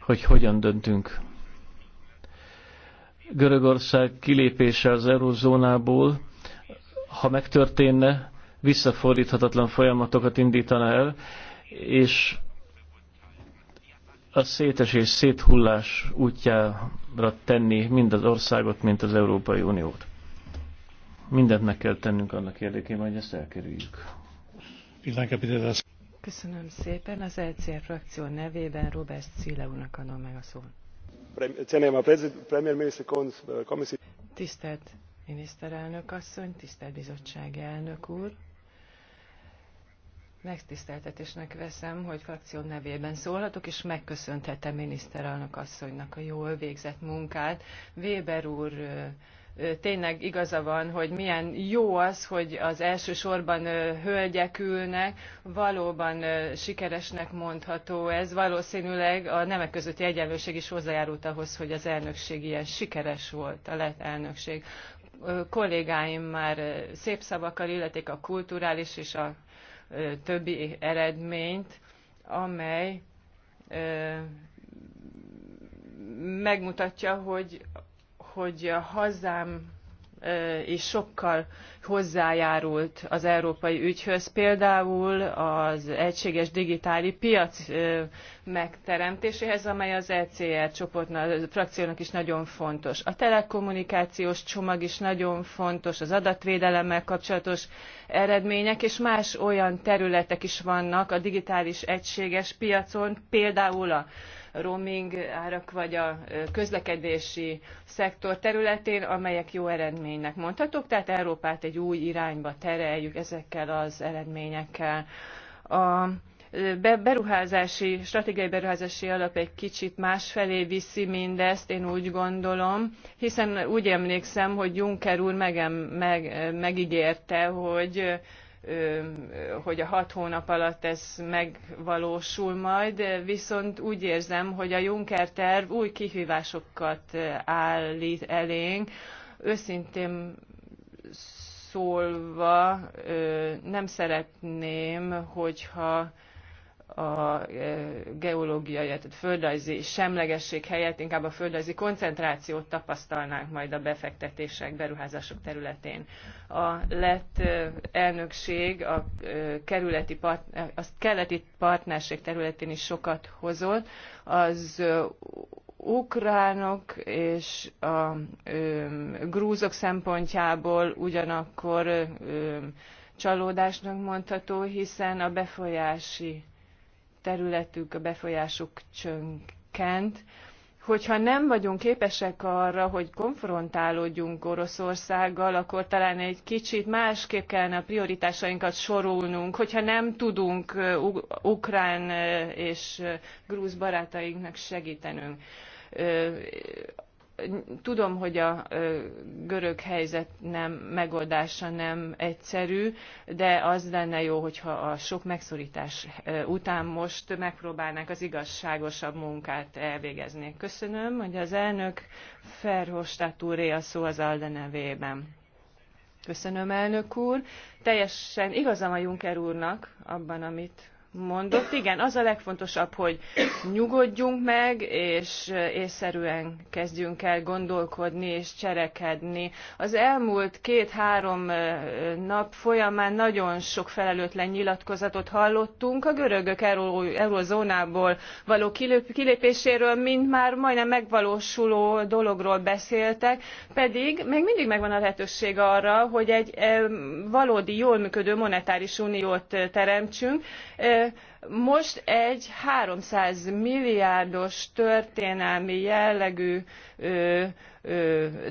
hogy hogyan döntünk. Görögország kilépése az eurózónából, ha megtörténne, visszafordíthatatlan folyamatokat indítana el, és a szétesés, széthullás útjára tenni mind az országot, mint az Európai Uniót. Mindent meg kell tennünk annak érdekében, hogy ezt elkerüljük. Köszönöm szépen. Az ECR frakció nevében Robert Cileunak adom meg a szót. Eh, tisztelt miniszterelnök asszony, tisztelt bizottsági elnök úr! Megtiszteltetésnek veszem, hogy frakció nevében szólhatok, és megköszönthetem miniszterelnök asszonynak a jól végzett munkát. Weber úr eh, tényleg igaza van, hogy milyen jó az, hogy az elsősorban hölgyek ülnek, valóban sikeresnek mondható ez. Valószínűleg a nemek közötti egyenlőség is hozzájárult ahhoz, hogy az elnökség ilyen sikeres volt, a lett elnökség. Kollégáim már szép szavakkal illetik a kulturális és a többi eredményt, amely megmutatja, hogy hogy a hazám is sokkal hozzájárult az európai ügyhöz. Például az egységes digitális piac megteremtéséhez, amely az ECR csoportnak, a frakciónak is nagyon fontos. A telekommunikációs csomag is nagyon fontos, az adatvédelemmel kapcsolatos eredmények, és más olyan területek is vannak a digitális egységes piacon, például a roaming árak vagy a közlekedési szektor területén, amelyek jó eredménynek mondhatók, tehát Európát egy új irányba tereljük ezekkel az eredményekkel. A beruházási, stratégiai beruházási alap egy kicsit másfelé viszi mindezt, én úgy gondolom, hiszen úgy emlékszem, hogy Juncker úr meg, meg, megígérte, hogy hogy a hat hónap alatt ez megvalósul majd, viszont úgy érzem, hogy a Juncker terv új kihívásokat állít elénk. Őszintén szólva nem szeretném, hogyha a e, geológiai, tehát földrajzi semlegesség helyett inkább a földrajzi koncentrációt tapasztalnánk majd a befektetések, beruházások területén. A lett e, elnökség a, e, kerületi part, a keleti partnerség területén is sokat hozott. Az ukránok és a grúzok szempontjából ugyanakkor csalódásnak mondható, hiszen a befolyási területük, a befolyásuk csökkent. Hogyha nem vagyunk képesek arra, hogy konfrontálódjunk Oroszországgal, akkor talán egy kicsit másképp kellene a prioritásainkat sorolnunk. Hogyha nem tudunk ukrán és grúz barátainknak segítenünk tudom, hogy a görög helyzet nem, megoldása nem egyszerű, de az lenne jó, hogyha a sok megszorítás után most megpróbálnák az igazságosabb munkát elvégezni. Köszönöm, hogy az elnök Ferhostát úré a szó az Alde nevében. Köszönöm, elnök úr. Teljesen igaza a Juncker úrnak abban, amit mondott. Igen, az a legfontosabb, hogy nyugodjunk meg, és észszerűen kezdjünk el gondolkodni és cserekedni. Az elmúlt két-három nap folyamán nagyon sok felelőtlen nyilatkozatot hallottunk a görögök eurozónából való kilépéséről, mint már majdnem megvalósuló dologról beszéltek, pedig még mindig megvan a lehetőség arra, hogy egy valódi, jól működő monetáris uniót teremtsünk, most egy 300 milliárdos történelmi jellegű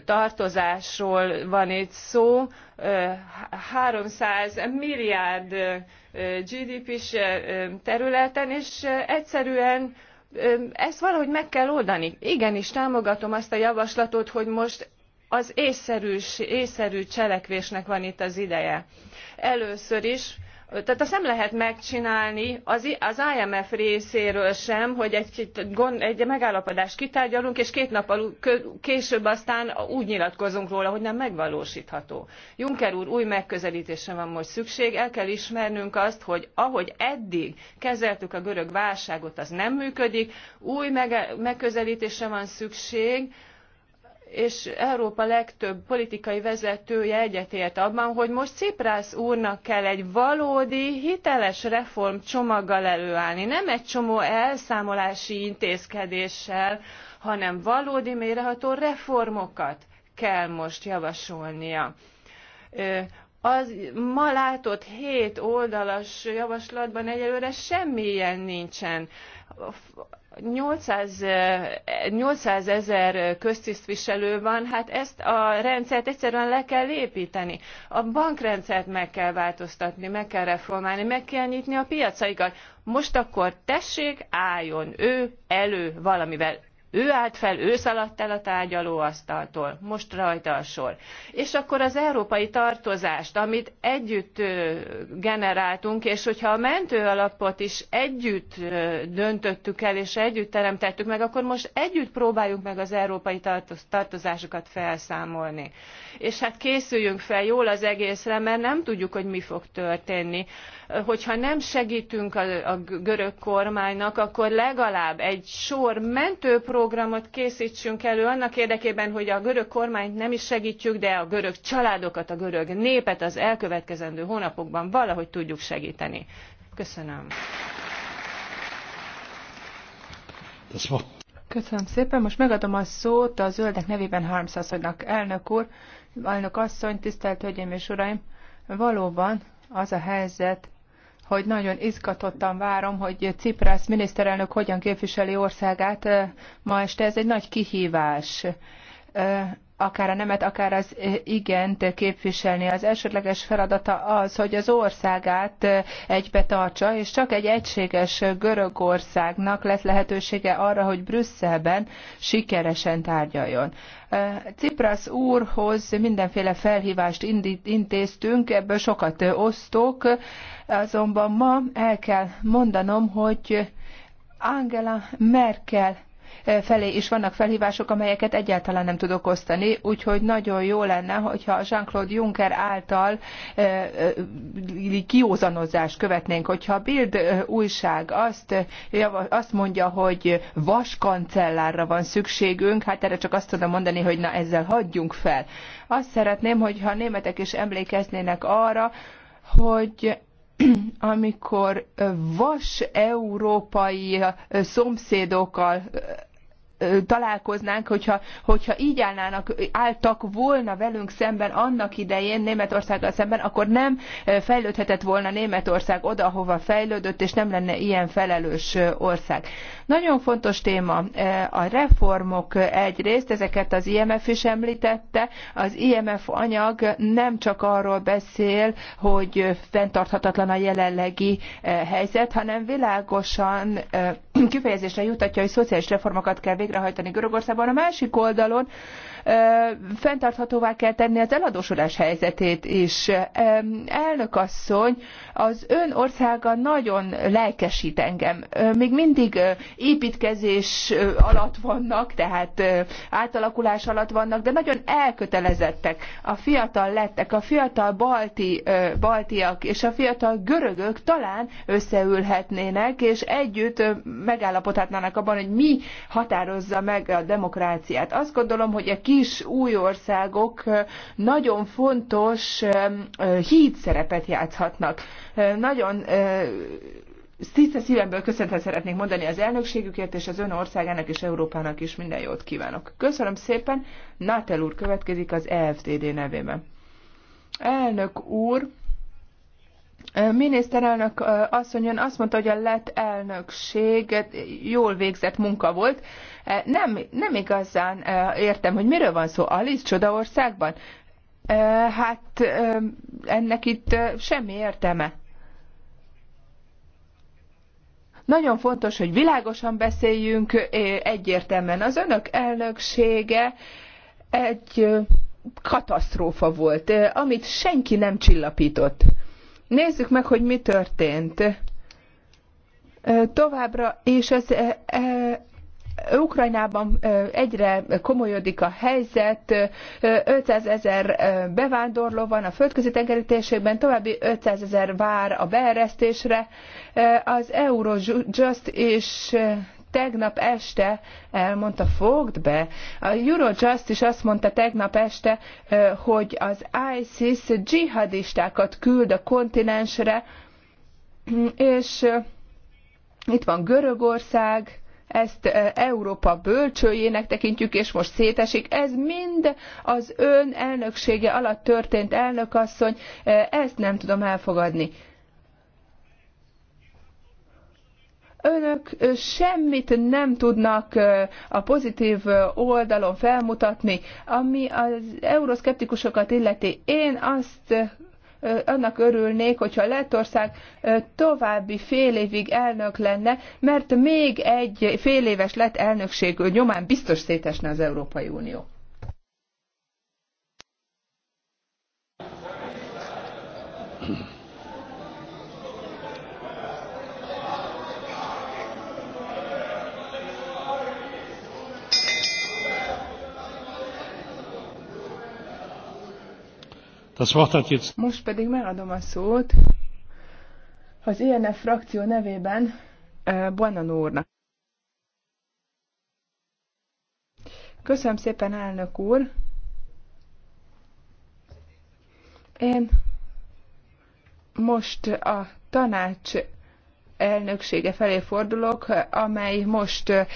tartozásról van itt szó 300 milliárd gdp s területen és egyszerűen ezt valahogy meg kell oldani. igenis támogatom azt a javaslatot hogy most az észszerű cselekvésnek van itt az ideje. először is tehát azt nem lehet megcsinálni az, az IMF részéről sem, hogy egy, egy megállapodást kitárgyalunk, és két nap később aztán úgy nyilatkozunk róla, hogy nem megvalósítható. Juncker úr, új megközelítésre van most szükség. El kell ismernünk azt, hogy ahogy eddig kezeltük a görög válságot, az nem működik. Új mege- megközelítésre van szükség, és Európa legtöbb politikai vezetője egyetért abban, hogy most Ciprász úrnak kell egy valódi, hiteles reformcsomaggal előállni. Nem egy csomó elszámolási intézkedéssel, hanem valódi mélyreható reformokat kell most javasolnia. Az ma látott hét oldalas javaslatban egyelőre semmilyen nincsen 800, 800 eh, ezer köztisztviselő van, hát ezt a rendszert egyszerűen le kell építeni. A bankrendszert meg kell változtatni, meg kell reformálni, meg kell nyitni a piacaikat. Most akkor tessék, álljon ő elő valamivel ő állt fel, ő szaladt el a tárgyalóasztaltól, most rajta a sor. És akkor az európai tartozást, amit együtt generáltunk, és hogyha a mentőalapot is együtt döntöttük el, és együtt teremtettük meg, akkor most együtt próbáljuk meg az európai tartozásokat felszámolni. És hát készüljünk fel jól az egészre, mert nem tudjuk, hogy mi fog történni. Hogyha nem segítünk a, görög kormánynak, akkor legalább egy sor mentőprogramot, programot késztsünk elő annak érdekében hogy a görög kormányt nem is segtjük de a görög családokat a görög népet az elkövetkezendő hónapokban valahogy tudjuk segteni. köszönöm. Köszönöm szépen. Most megadom a szót a zöldek nevében Harms asszonynak. Elnök úr, elnök asszony, tisztelt hölgyeim és uraim, valóban az a helyzet, hogy nagyon izgatottan várom, hogy Ciprász miniszterelnök hogyan képviseli országát eh, ma este. Ez egy nagy kihívás akár a nemet, akár az igent képviselni. Az elsődleges feladata az, hogy az országát egybe tartsa, és csak egy egységes Görögországnak lesz lehetősége arra, hogy Brüsszelben sikeresen tárgyaljon. Cipras úrhoz mindenféle felhívást intéztünk, ebből sokat osztok, azonban ma el kell mondanom, hogy Angela Merkel felé is vannak felhívások, amelyeket egyáltalán nem tudok osztani, úgyhogy nagyon jó lenne, hogyha Jean-Claude Juncker által kiózanozást követnénk, hogyha a Bild újság azt, azt mondja, hogy vaskancellárra van szükségünk, hát erre csak azt tudom mondani, hogy na ezzel hagyjunk fel. Azt szeretném, hogyha a németek is emlékeznének arra, hogy <clears throat> amikor vas európai szomszédokkal találkoznánk, hogyha, hogyha így állnának, álltak volna velünk szemben annak idején, Németországgal szemben, akkor nem fejlődhetett volna Németország oda, hova fejlődött, és nem lenne ilyen felelős ország. Nagyon fontos téma a reformok egyrészt, ezeket az IMF is említette. Az IMF anyag nem csak arról beszél, hogy fenntarthatatlan a jelenlegi helyzet, hanem világosan kifejezésre jutatja, hogy szociális reformokat kell végre végrehajtani Görögországban. A másik oldalon fenntarthatóvá kell tenni az eladósodás helyzetét is. Elnök asszony, az ön országa nagyon lelkesít engem. Még mindig építkezés alatt vannak, tehát átalakulás alatt vannak, de nagyon elkötelezettek. A fiatal lettek, a fiatal balti, baltiak és a fiatal görögök talán összeülhetnének, és együtt megállapodhatnának abban, hogy mi határozza meg a demokráciát. Azt gondolom, hogy a ki kis új országok nagyon fontos híd szerepet játszhatnak. Nagyon tiszta szívemből köszöntet szeretnék mondani az elnökségükért, és az ön országának és Európának is minden jót kívánok. Köszönöm szépen, Nátel úr következik az EFTD nevében. Elnök úr, miniszterelnök asszony ön azt mondta, hogy a lett elnökség jól végzett munka volt. Nem, nem igazán értem, hogy miről van szó. Alice Csodaországban? Hát ennek itt semmi értelme. Nagyon fontos, hogy világosan beszéljünk egyértelműen. Az önök elnöksége egy katasztrófa volt, amit senki nem csillapított. Nézzük meg, hogy mi történt. Továbbra, és ez e, e, Ukrajnában egyre komolyodik a helyzet, 500 ezer bevándorló van a földközi tengerítésében, további 500 ezer vár a beeresztésre. Az Eurojust és tegnap este elmondta, fogd be. A Eurojust is azt mondta tegnap este, hogy az ISIS dzsihadistákat küld a kontinensre, és itt van Görögország, ezt Európa bölcsőjének tekintjük, és most szétesik. Ez mind az ön elnöksége alatt történt elnökasszony, ezt nem tudom elfogadni. önök semmit nem tudnak a pozitív oldalon felmutatni, ami az euroszkeptikusokat illeti. Én azt annak örülnék, hogyha Lettország további fél évig elnök lenne, mert még egy fél éves lett elnökség nyomán biztos szétesne az Európai Unió. Most pedig megadom a szót az INF e frakció nevében Buonan Nórnak. Köszönöm szépen, elnök úr! Én most a tanács elnöksége felé fordulok, amely most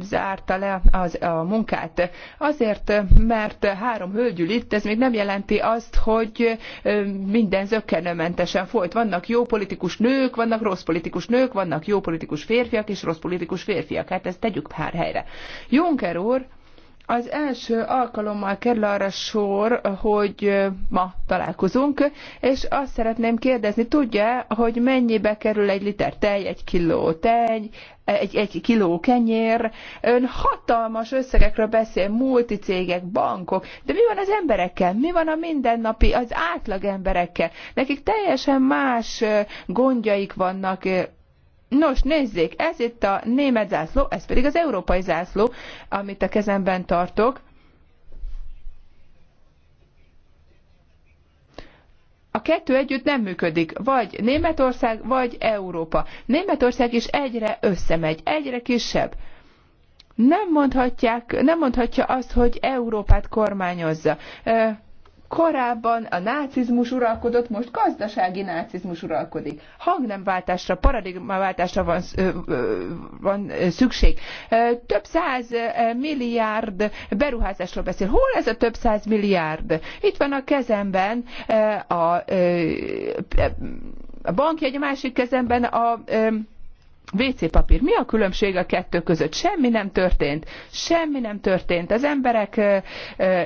zárta le az, a munkát. Azért, mert három hölgyül itt, ez még nem jelenti azt, hogy minden zöggenőmentesen folyt. Vannak jó politikus nők, vannak rossz politikus nők, vannak jó politikus férfiak és rossz politikus férfiak. Hát ezt tegyük pár helyre. Juncker úr az első alkalommal kerül arra sor, hogy ma találkozunk, és azt szeretném kérdezni, tudja, hogy mennyibe kerül egy liter tej, egy kiló tej, egy, egy kiló kenyér. Ön hatalmas összegekről beszél, multicégek, bankok, de mi van az emberekkel? Mi van a mindennapi, az átlag emberekkel? Nekik teljesen más gondjaik vannak, Nos, nézzék, ez itt a német zászló, ez pedig az európai zászló, amit a kezemben tartok. A kettő együtt nem működik, vagy Németország, vagy Európa. Németország is egyre összemegy, egyre kisebb. Nem, mondhatják, nem mondhatja azt, hogy Európát kormányozza. Korábban a nácizmus uralkodott, most gazdasági nácizmus uralkodik. Hangnemváltásra, paradigmaváltásra van, van szükség. Több száz milliárd beruházásról beszél. Hol ez a több száz milliárd? Itt van a kezemben a, a bankjegy, a másik kezemben a WC papír. Mi a különbség a kettő között? Semmi nem történt. Semmi nem történt az emberek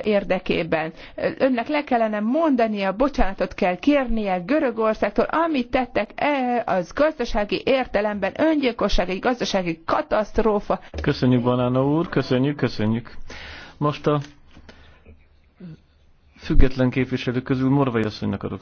érdekében. Önnek le kellene mondania, bocsánatot kell kérnie Görögországtól, amit tettek, -e, az gazdasági értelemben öngyilkosság, egy gazdasági katasztrófa. Köszönjük, Banána úr, köszönjük, köszönjük. Most a független képviselők közül Morvai asszonynak adok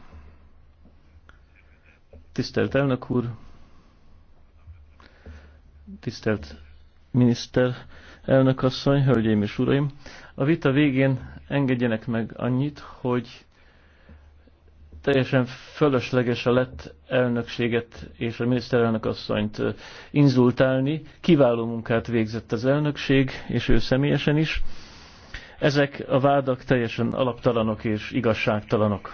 Tisztelt elnök úr, tisztelt miniszter, elnök asszony, hölgyeim és uraim! A vita végén engedjenek meg annyit, hogy teljesen fölösleges a lett elnökséget és a miniszterelnök asszonyt inzultálni. Kiváló munkát végzett az elnökség, és ő személyesen is. Ezek a vádak teljesen alaptalanok és igazságtalanok.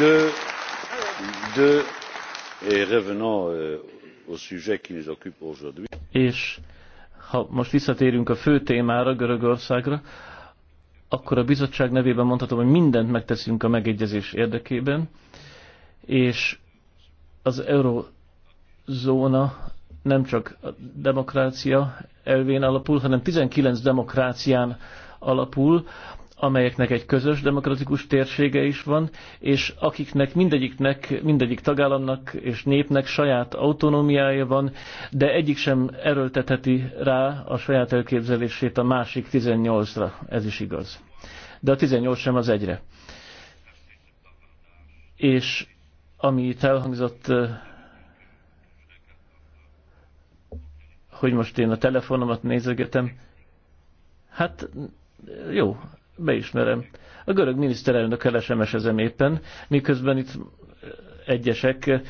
Euh, és ha most visszatérünk a fő témára, Görögországra, akkor a bizottság nevében mondhatom, hogy mindent megteszünk a megegyezés érdekében, és az eurozóna nem csak a demokrácia elvén alapul, hanem 19 demokrácián alapul, amelyeknek egy közös demokratikus térsége is van, és akiknek mindegyiknek, mindegyik tagállamnak és népnek saját autonómiája van, de egyik sem erőltetheti rá a saját elképzelését a másik 18-ra, ez is igaz. De a 18 sem az egyre. És ami itt elhangzott, hogy most én a telefonomat nézegetem, hát jó, beismerem. A görög miniszterelnök elesemesezem éppen, miközben itt egyesek eh,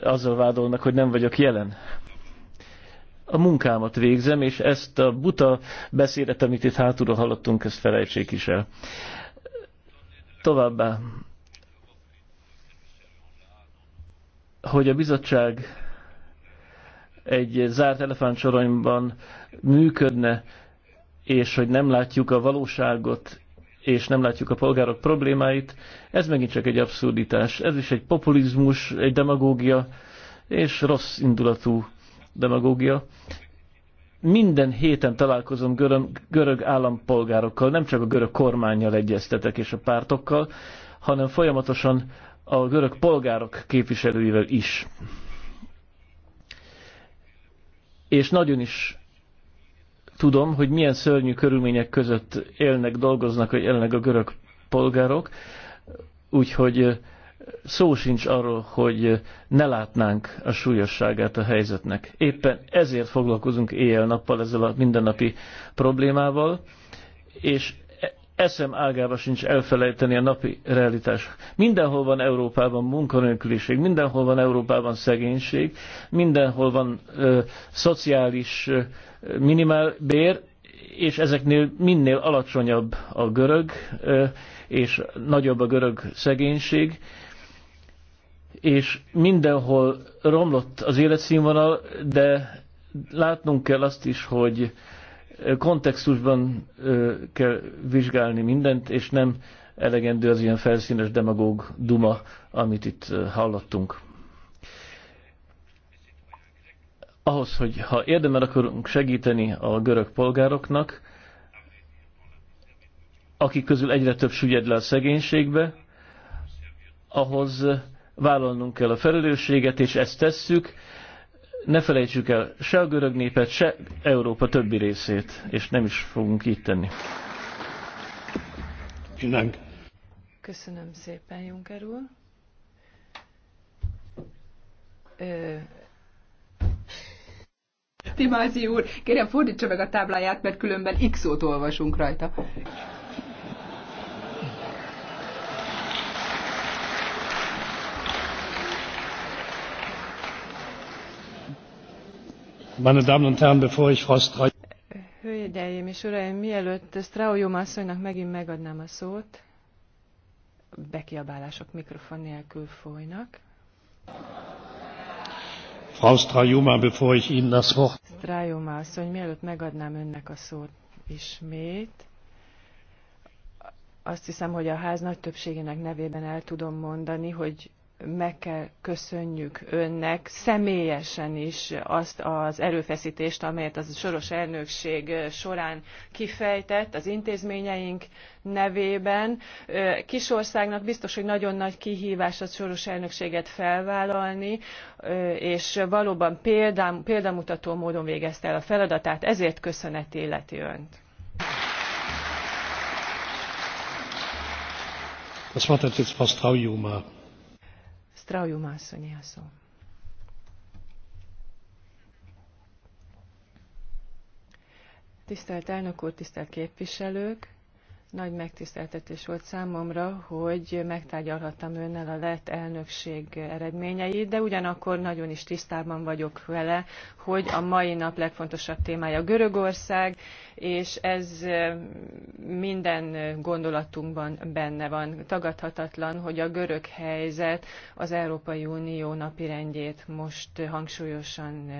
azzal vádolnak, hogy nem vagyok jelen. A munkámat végzem, és ezt a buta beszédet, amit itt hátulról hallottunk, ezt felejtsék is el. Továbbá, hogy a bizottság egy zárt elefántsoronyban működne, és hogy nem látjuk a valóságot, és nem látjuk a polgárok problémáit, ez megint csak egy abszurditás. Ez is egy populizmus, egy demagógia, és rossz indulatú demagógia. Minden héten találkozom görög, görög állampolgárokkal, nem csak a görög kormányjal egyeztetek és a pártokkal, hanem folyamatosan a görög polgárok képviselőivel is. És nagyon is tudom, hogy milyen szörnyű körülmények között élnek, dolgoznak, vagy élnek a görög polgárok, úgyhogy szó sincs arról, hogy ne látnánk a súlyosságát a helyzetnek. Éppen ezért foglalkozunk éjjel-nappal ezzel a mindennapi problémával, és e-, eszem ágába sincs elfelejteni a napi realitás. Mindenhol van Európában munkanélküliség, mindenhol van Európában szegénység, mindenhol van ö, szociális minimál bér, és ezeknél minél alacsonyabb a görög, és nagyobb a görög szegénység, és mindenhol romlott az életszínvonal, de látnunk kell azt is, hogy kontextusban kell vizsgálni mindent, és nem elegendő az ilyen felszínes demagóg duma, amit itt hallottunk. ahhoz, hogy ha érdemel akarunk segíteni a görög polgároknak, akik közül egyre több süllyed le a szegénységbe, ahhoz vállalnunk kell a felelősséget, és ezt tesszük. Ne felejtsük el se a görög népet, se Európa többi részét, és nem is fogunk így tenni. Köszönöm, Köszönöm szépen, Juncker úr. Ö Timázi úr, kérem fordítsa meg a tábláját, mert különben X-ot olvasunk rajta. Meine Damen und Herren, bevor ich Frau Hölgyeim és uraim, mielőtt Straujum asszonynak megint megadnám a szót, bekiabálások mikrofon nélkül folynak. Frau asszony, mielőtt megadnám önnek a szót ismét, azt hiszem, hogy a ház nagy többségének nevében el tudom mondani, hogy meg kell köszönjük önnek személyesen is azt az erőfeszítést, amelyet az soros elnökség során kifejtett az intézményeink nevében. Kisországnak biztos, hogy nagyon nagy kihívás a soros elnökséget felvállalni, és valóban példám, példamutató módon végezte el a feladatát, ezért köszönet életi önt. Das Wort hat jetzt Frau Straujuma. Straujum asszony a szó. Tisztelt elnök úr, tisztelt képviselők! Nagy megtiszteltetés volt számomra, hogy megtárgyalhattam önnel a lett elnökség eredményeit, de ugyanakkor nagyon is tisztában vagyok vele, hogy a mai nap legfontosabb témája Görögország, és ez minden gondolatunkban benne van. Tagadhatatlan, hogy a görög helyzet az Európai Unió napirendjét most hangsúlyosan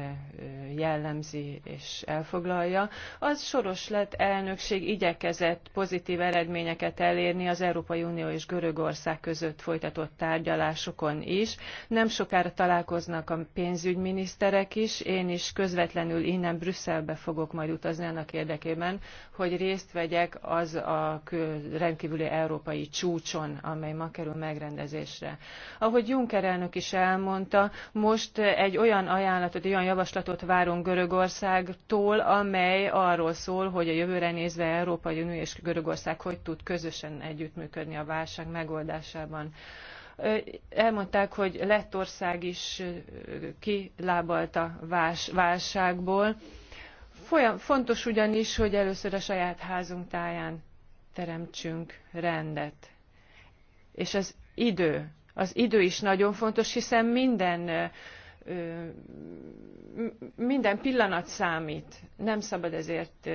jellemzi és elfoglalja. Az soros lett elnökség igyekezett pozitív pozitv eredményeket elérni az Európai Unió és Görögország között folytatott tárgyalásokon is. Nem sokára találkoznak a pénzügyminiszterek is, én is közvetlenül innen Brüsszelbe fogok majd utazni annak érdekében, hogy részt vegyek az a rendkívüli európai csúcson, amely ma kerül megrendezésre. Ahogy Juncker elnök is elmondta, most egy olyan ajánlatot, egy olyan javaslatot várunk Görögországtól, amely arról szól, hogy a jövőre nézve Európai Unió és Görögország ország hogy tud közösen együttműködni a válság megoldásában. Elmondták, hogy Lettország is kilábalt a válságból. Folyam, fontos ugyanis, hogy először a saját házunk táján teremtsünk rendet. És az idő, az idő is nagyon fontos, hiszen minden, minden pillanat számít. Nem szabad ezért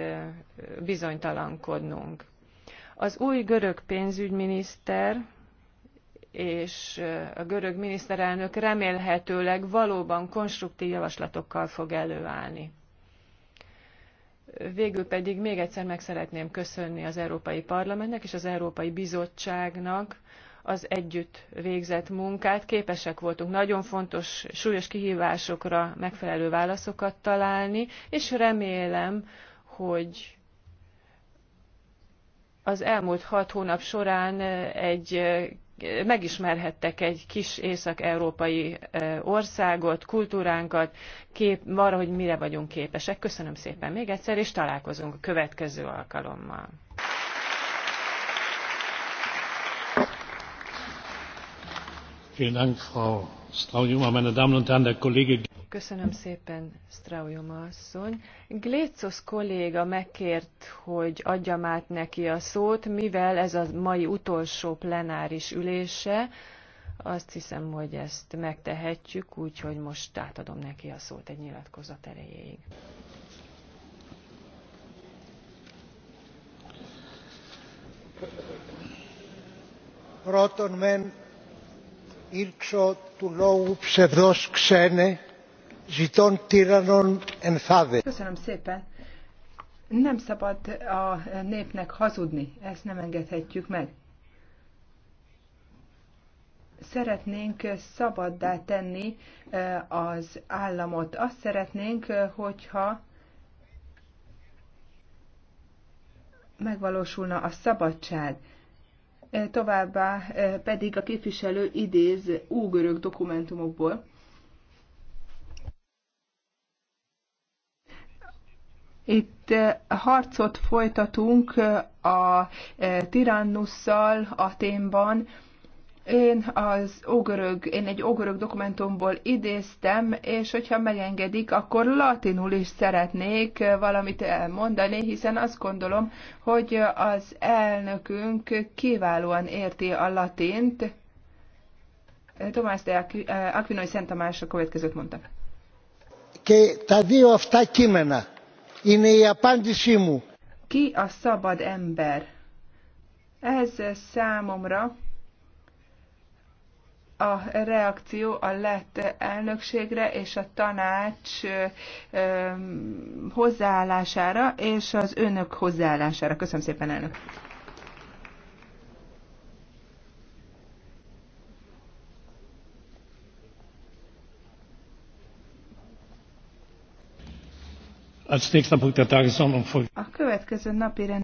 bizonytalankodnunk. Az új görög pénzügyminiszter és a görög miniszterelnök remélhetőleg valóban konstruktív javaslatokkal fog előállni. Végül pedig még egyszer meg szeretném köszönni az Európai Parlamentnek és az Európai Bizottságnak az együtt végzett munkát. Képesek voltunk nagyon fontos, súlyos kihívásokra megfelelő válaszokat találni, és remélem, hogy az elmúlt hat hónap során egy megismerhettek egy kis észak-európai országot, kultúránkat, kép, arra, hogy mire vagyunk képesek. Köszönöm szépen még egyszer, és találkozunk a következő alkalommal. Vielen Dank, Frau Köszönöm szépen, Straujuma asszony. Glécos kolléga megkért, hogy adjam át neki a szót, mivel ez a mai utolsó plenáris ülése. Azt hiszem, hogy ezt megtehetjük, úgyhogy most átadom neki a szót egy nyilatkozat erejéig. Πρώτον, μεν ήρξω του λόγου ψευδός ξένε, ζητών τύραννων ενθάδε. Köszönöm szépen. Nem szabad a népnek hazudni, ezt nem engedhetjük meg. Szeretnénk szabaddá tenni eh, az államot. Azt szeretnénk, eh, hogyha megvalósulna a szabadság továbbá pedig a képviselő idéz ógörög dokumentumokból. Itt harcot folytatunk a tirannusszal a témban, én az ógörög, én egy ógörög dokumentumból idéztem, és hogyha megengedik, akkor latinul is szeretnék valamit elmondani, hiszen azt gondolom, hogy az elnökünk kiválóan érti a latint. Tomás de Aquino Szent Tamás a következőt mondta. Και τα δύο αυτά κείμενα είναι η Ki a szabad ember? Ez számomra a reakció a lett elnökségre és a tanács hozzáállására és az önök hozzáállására. Köszönöm szépen, elnök! A következő napi rend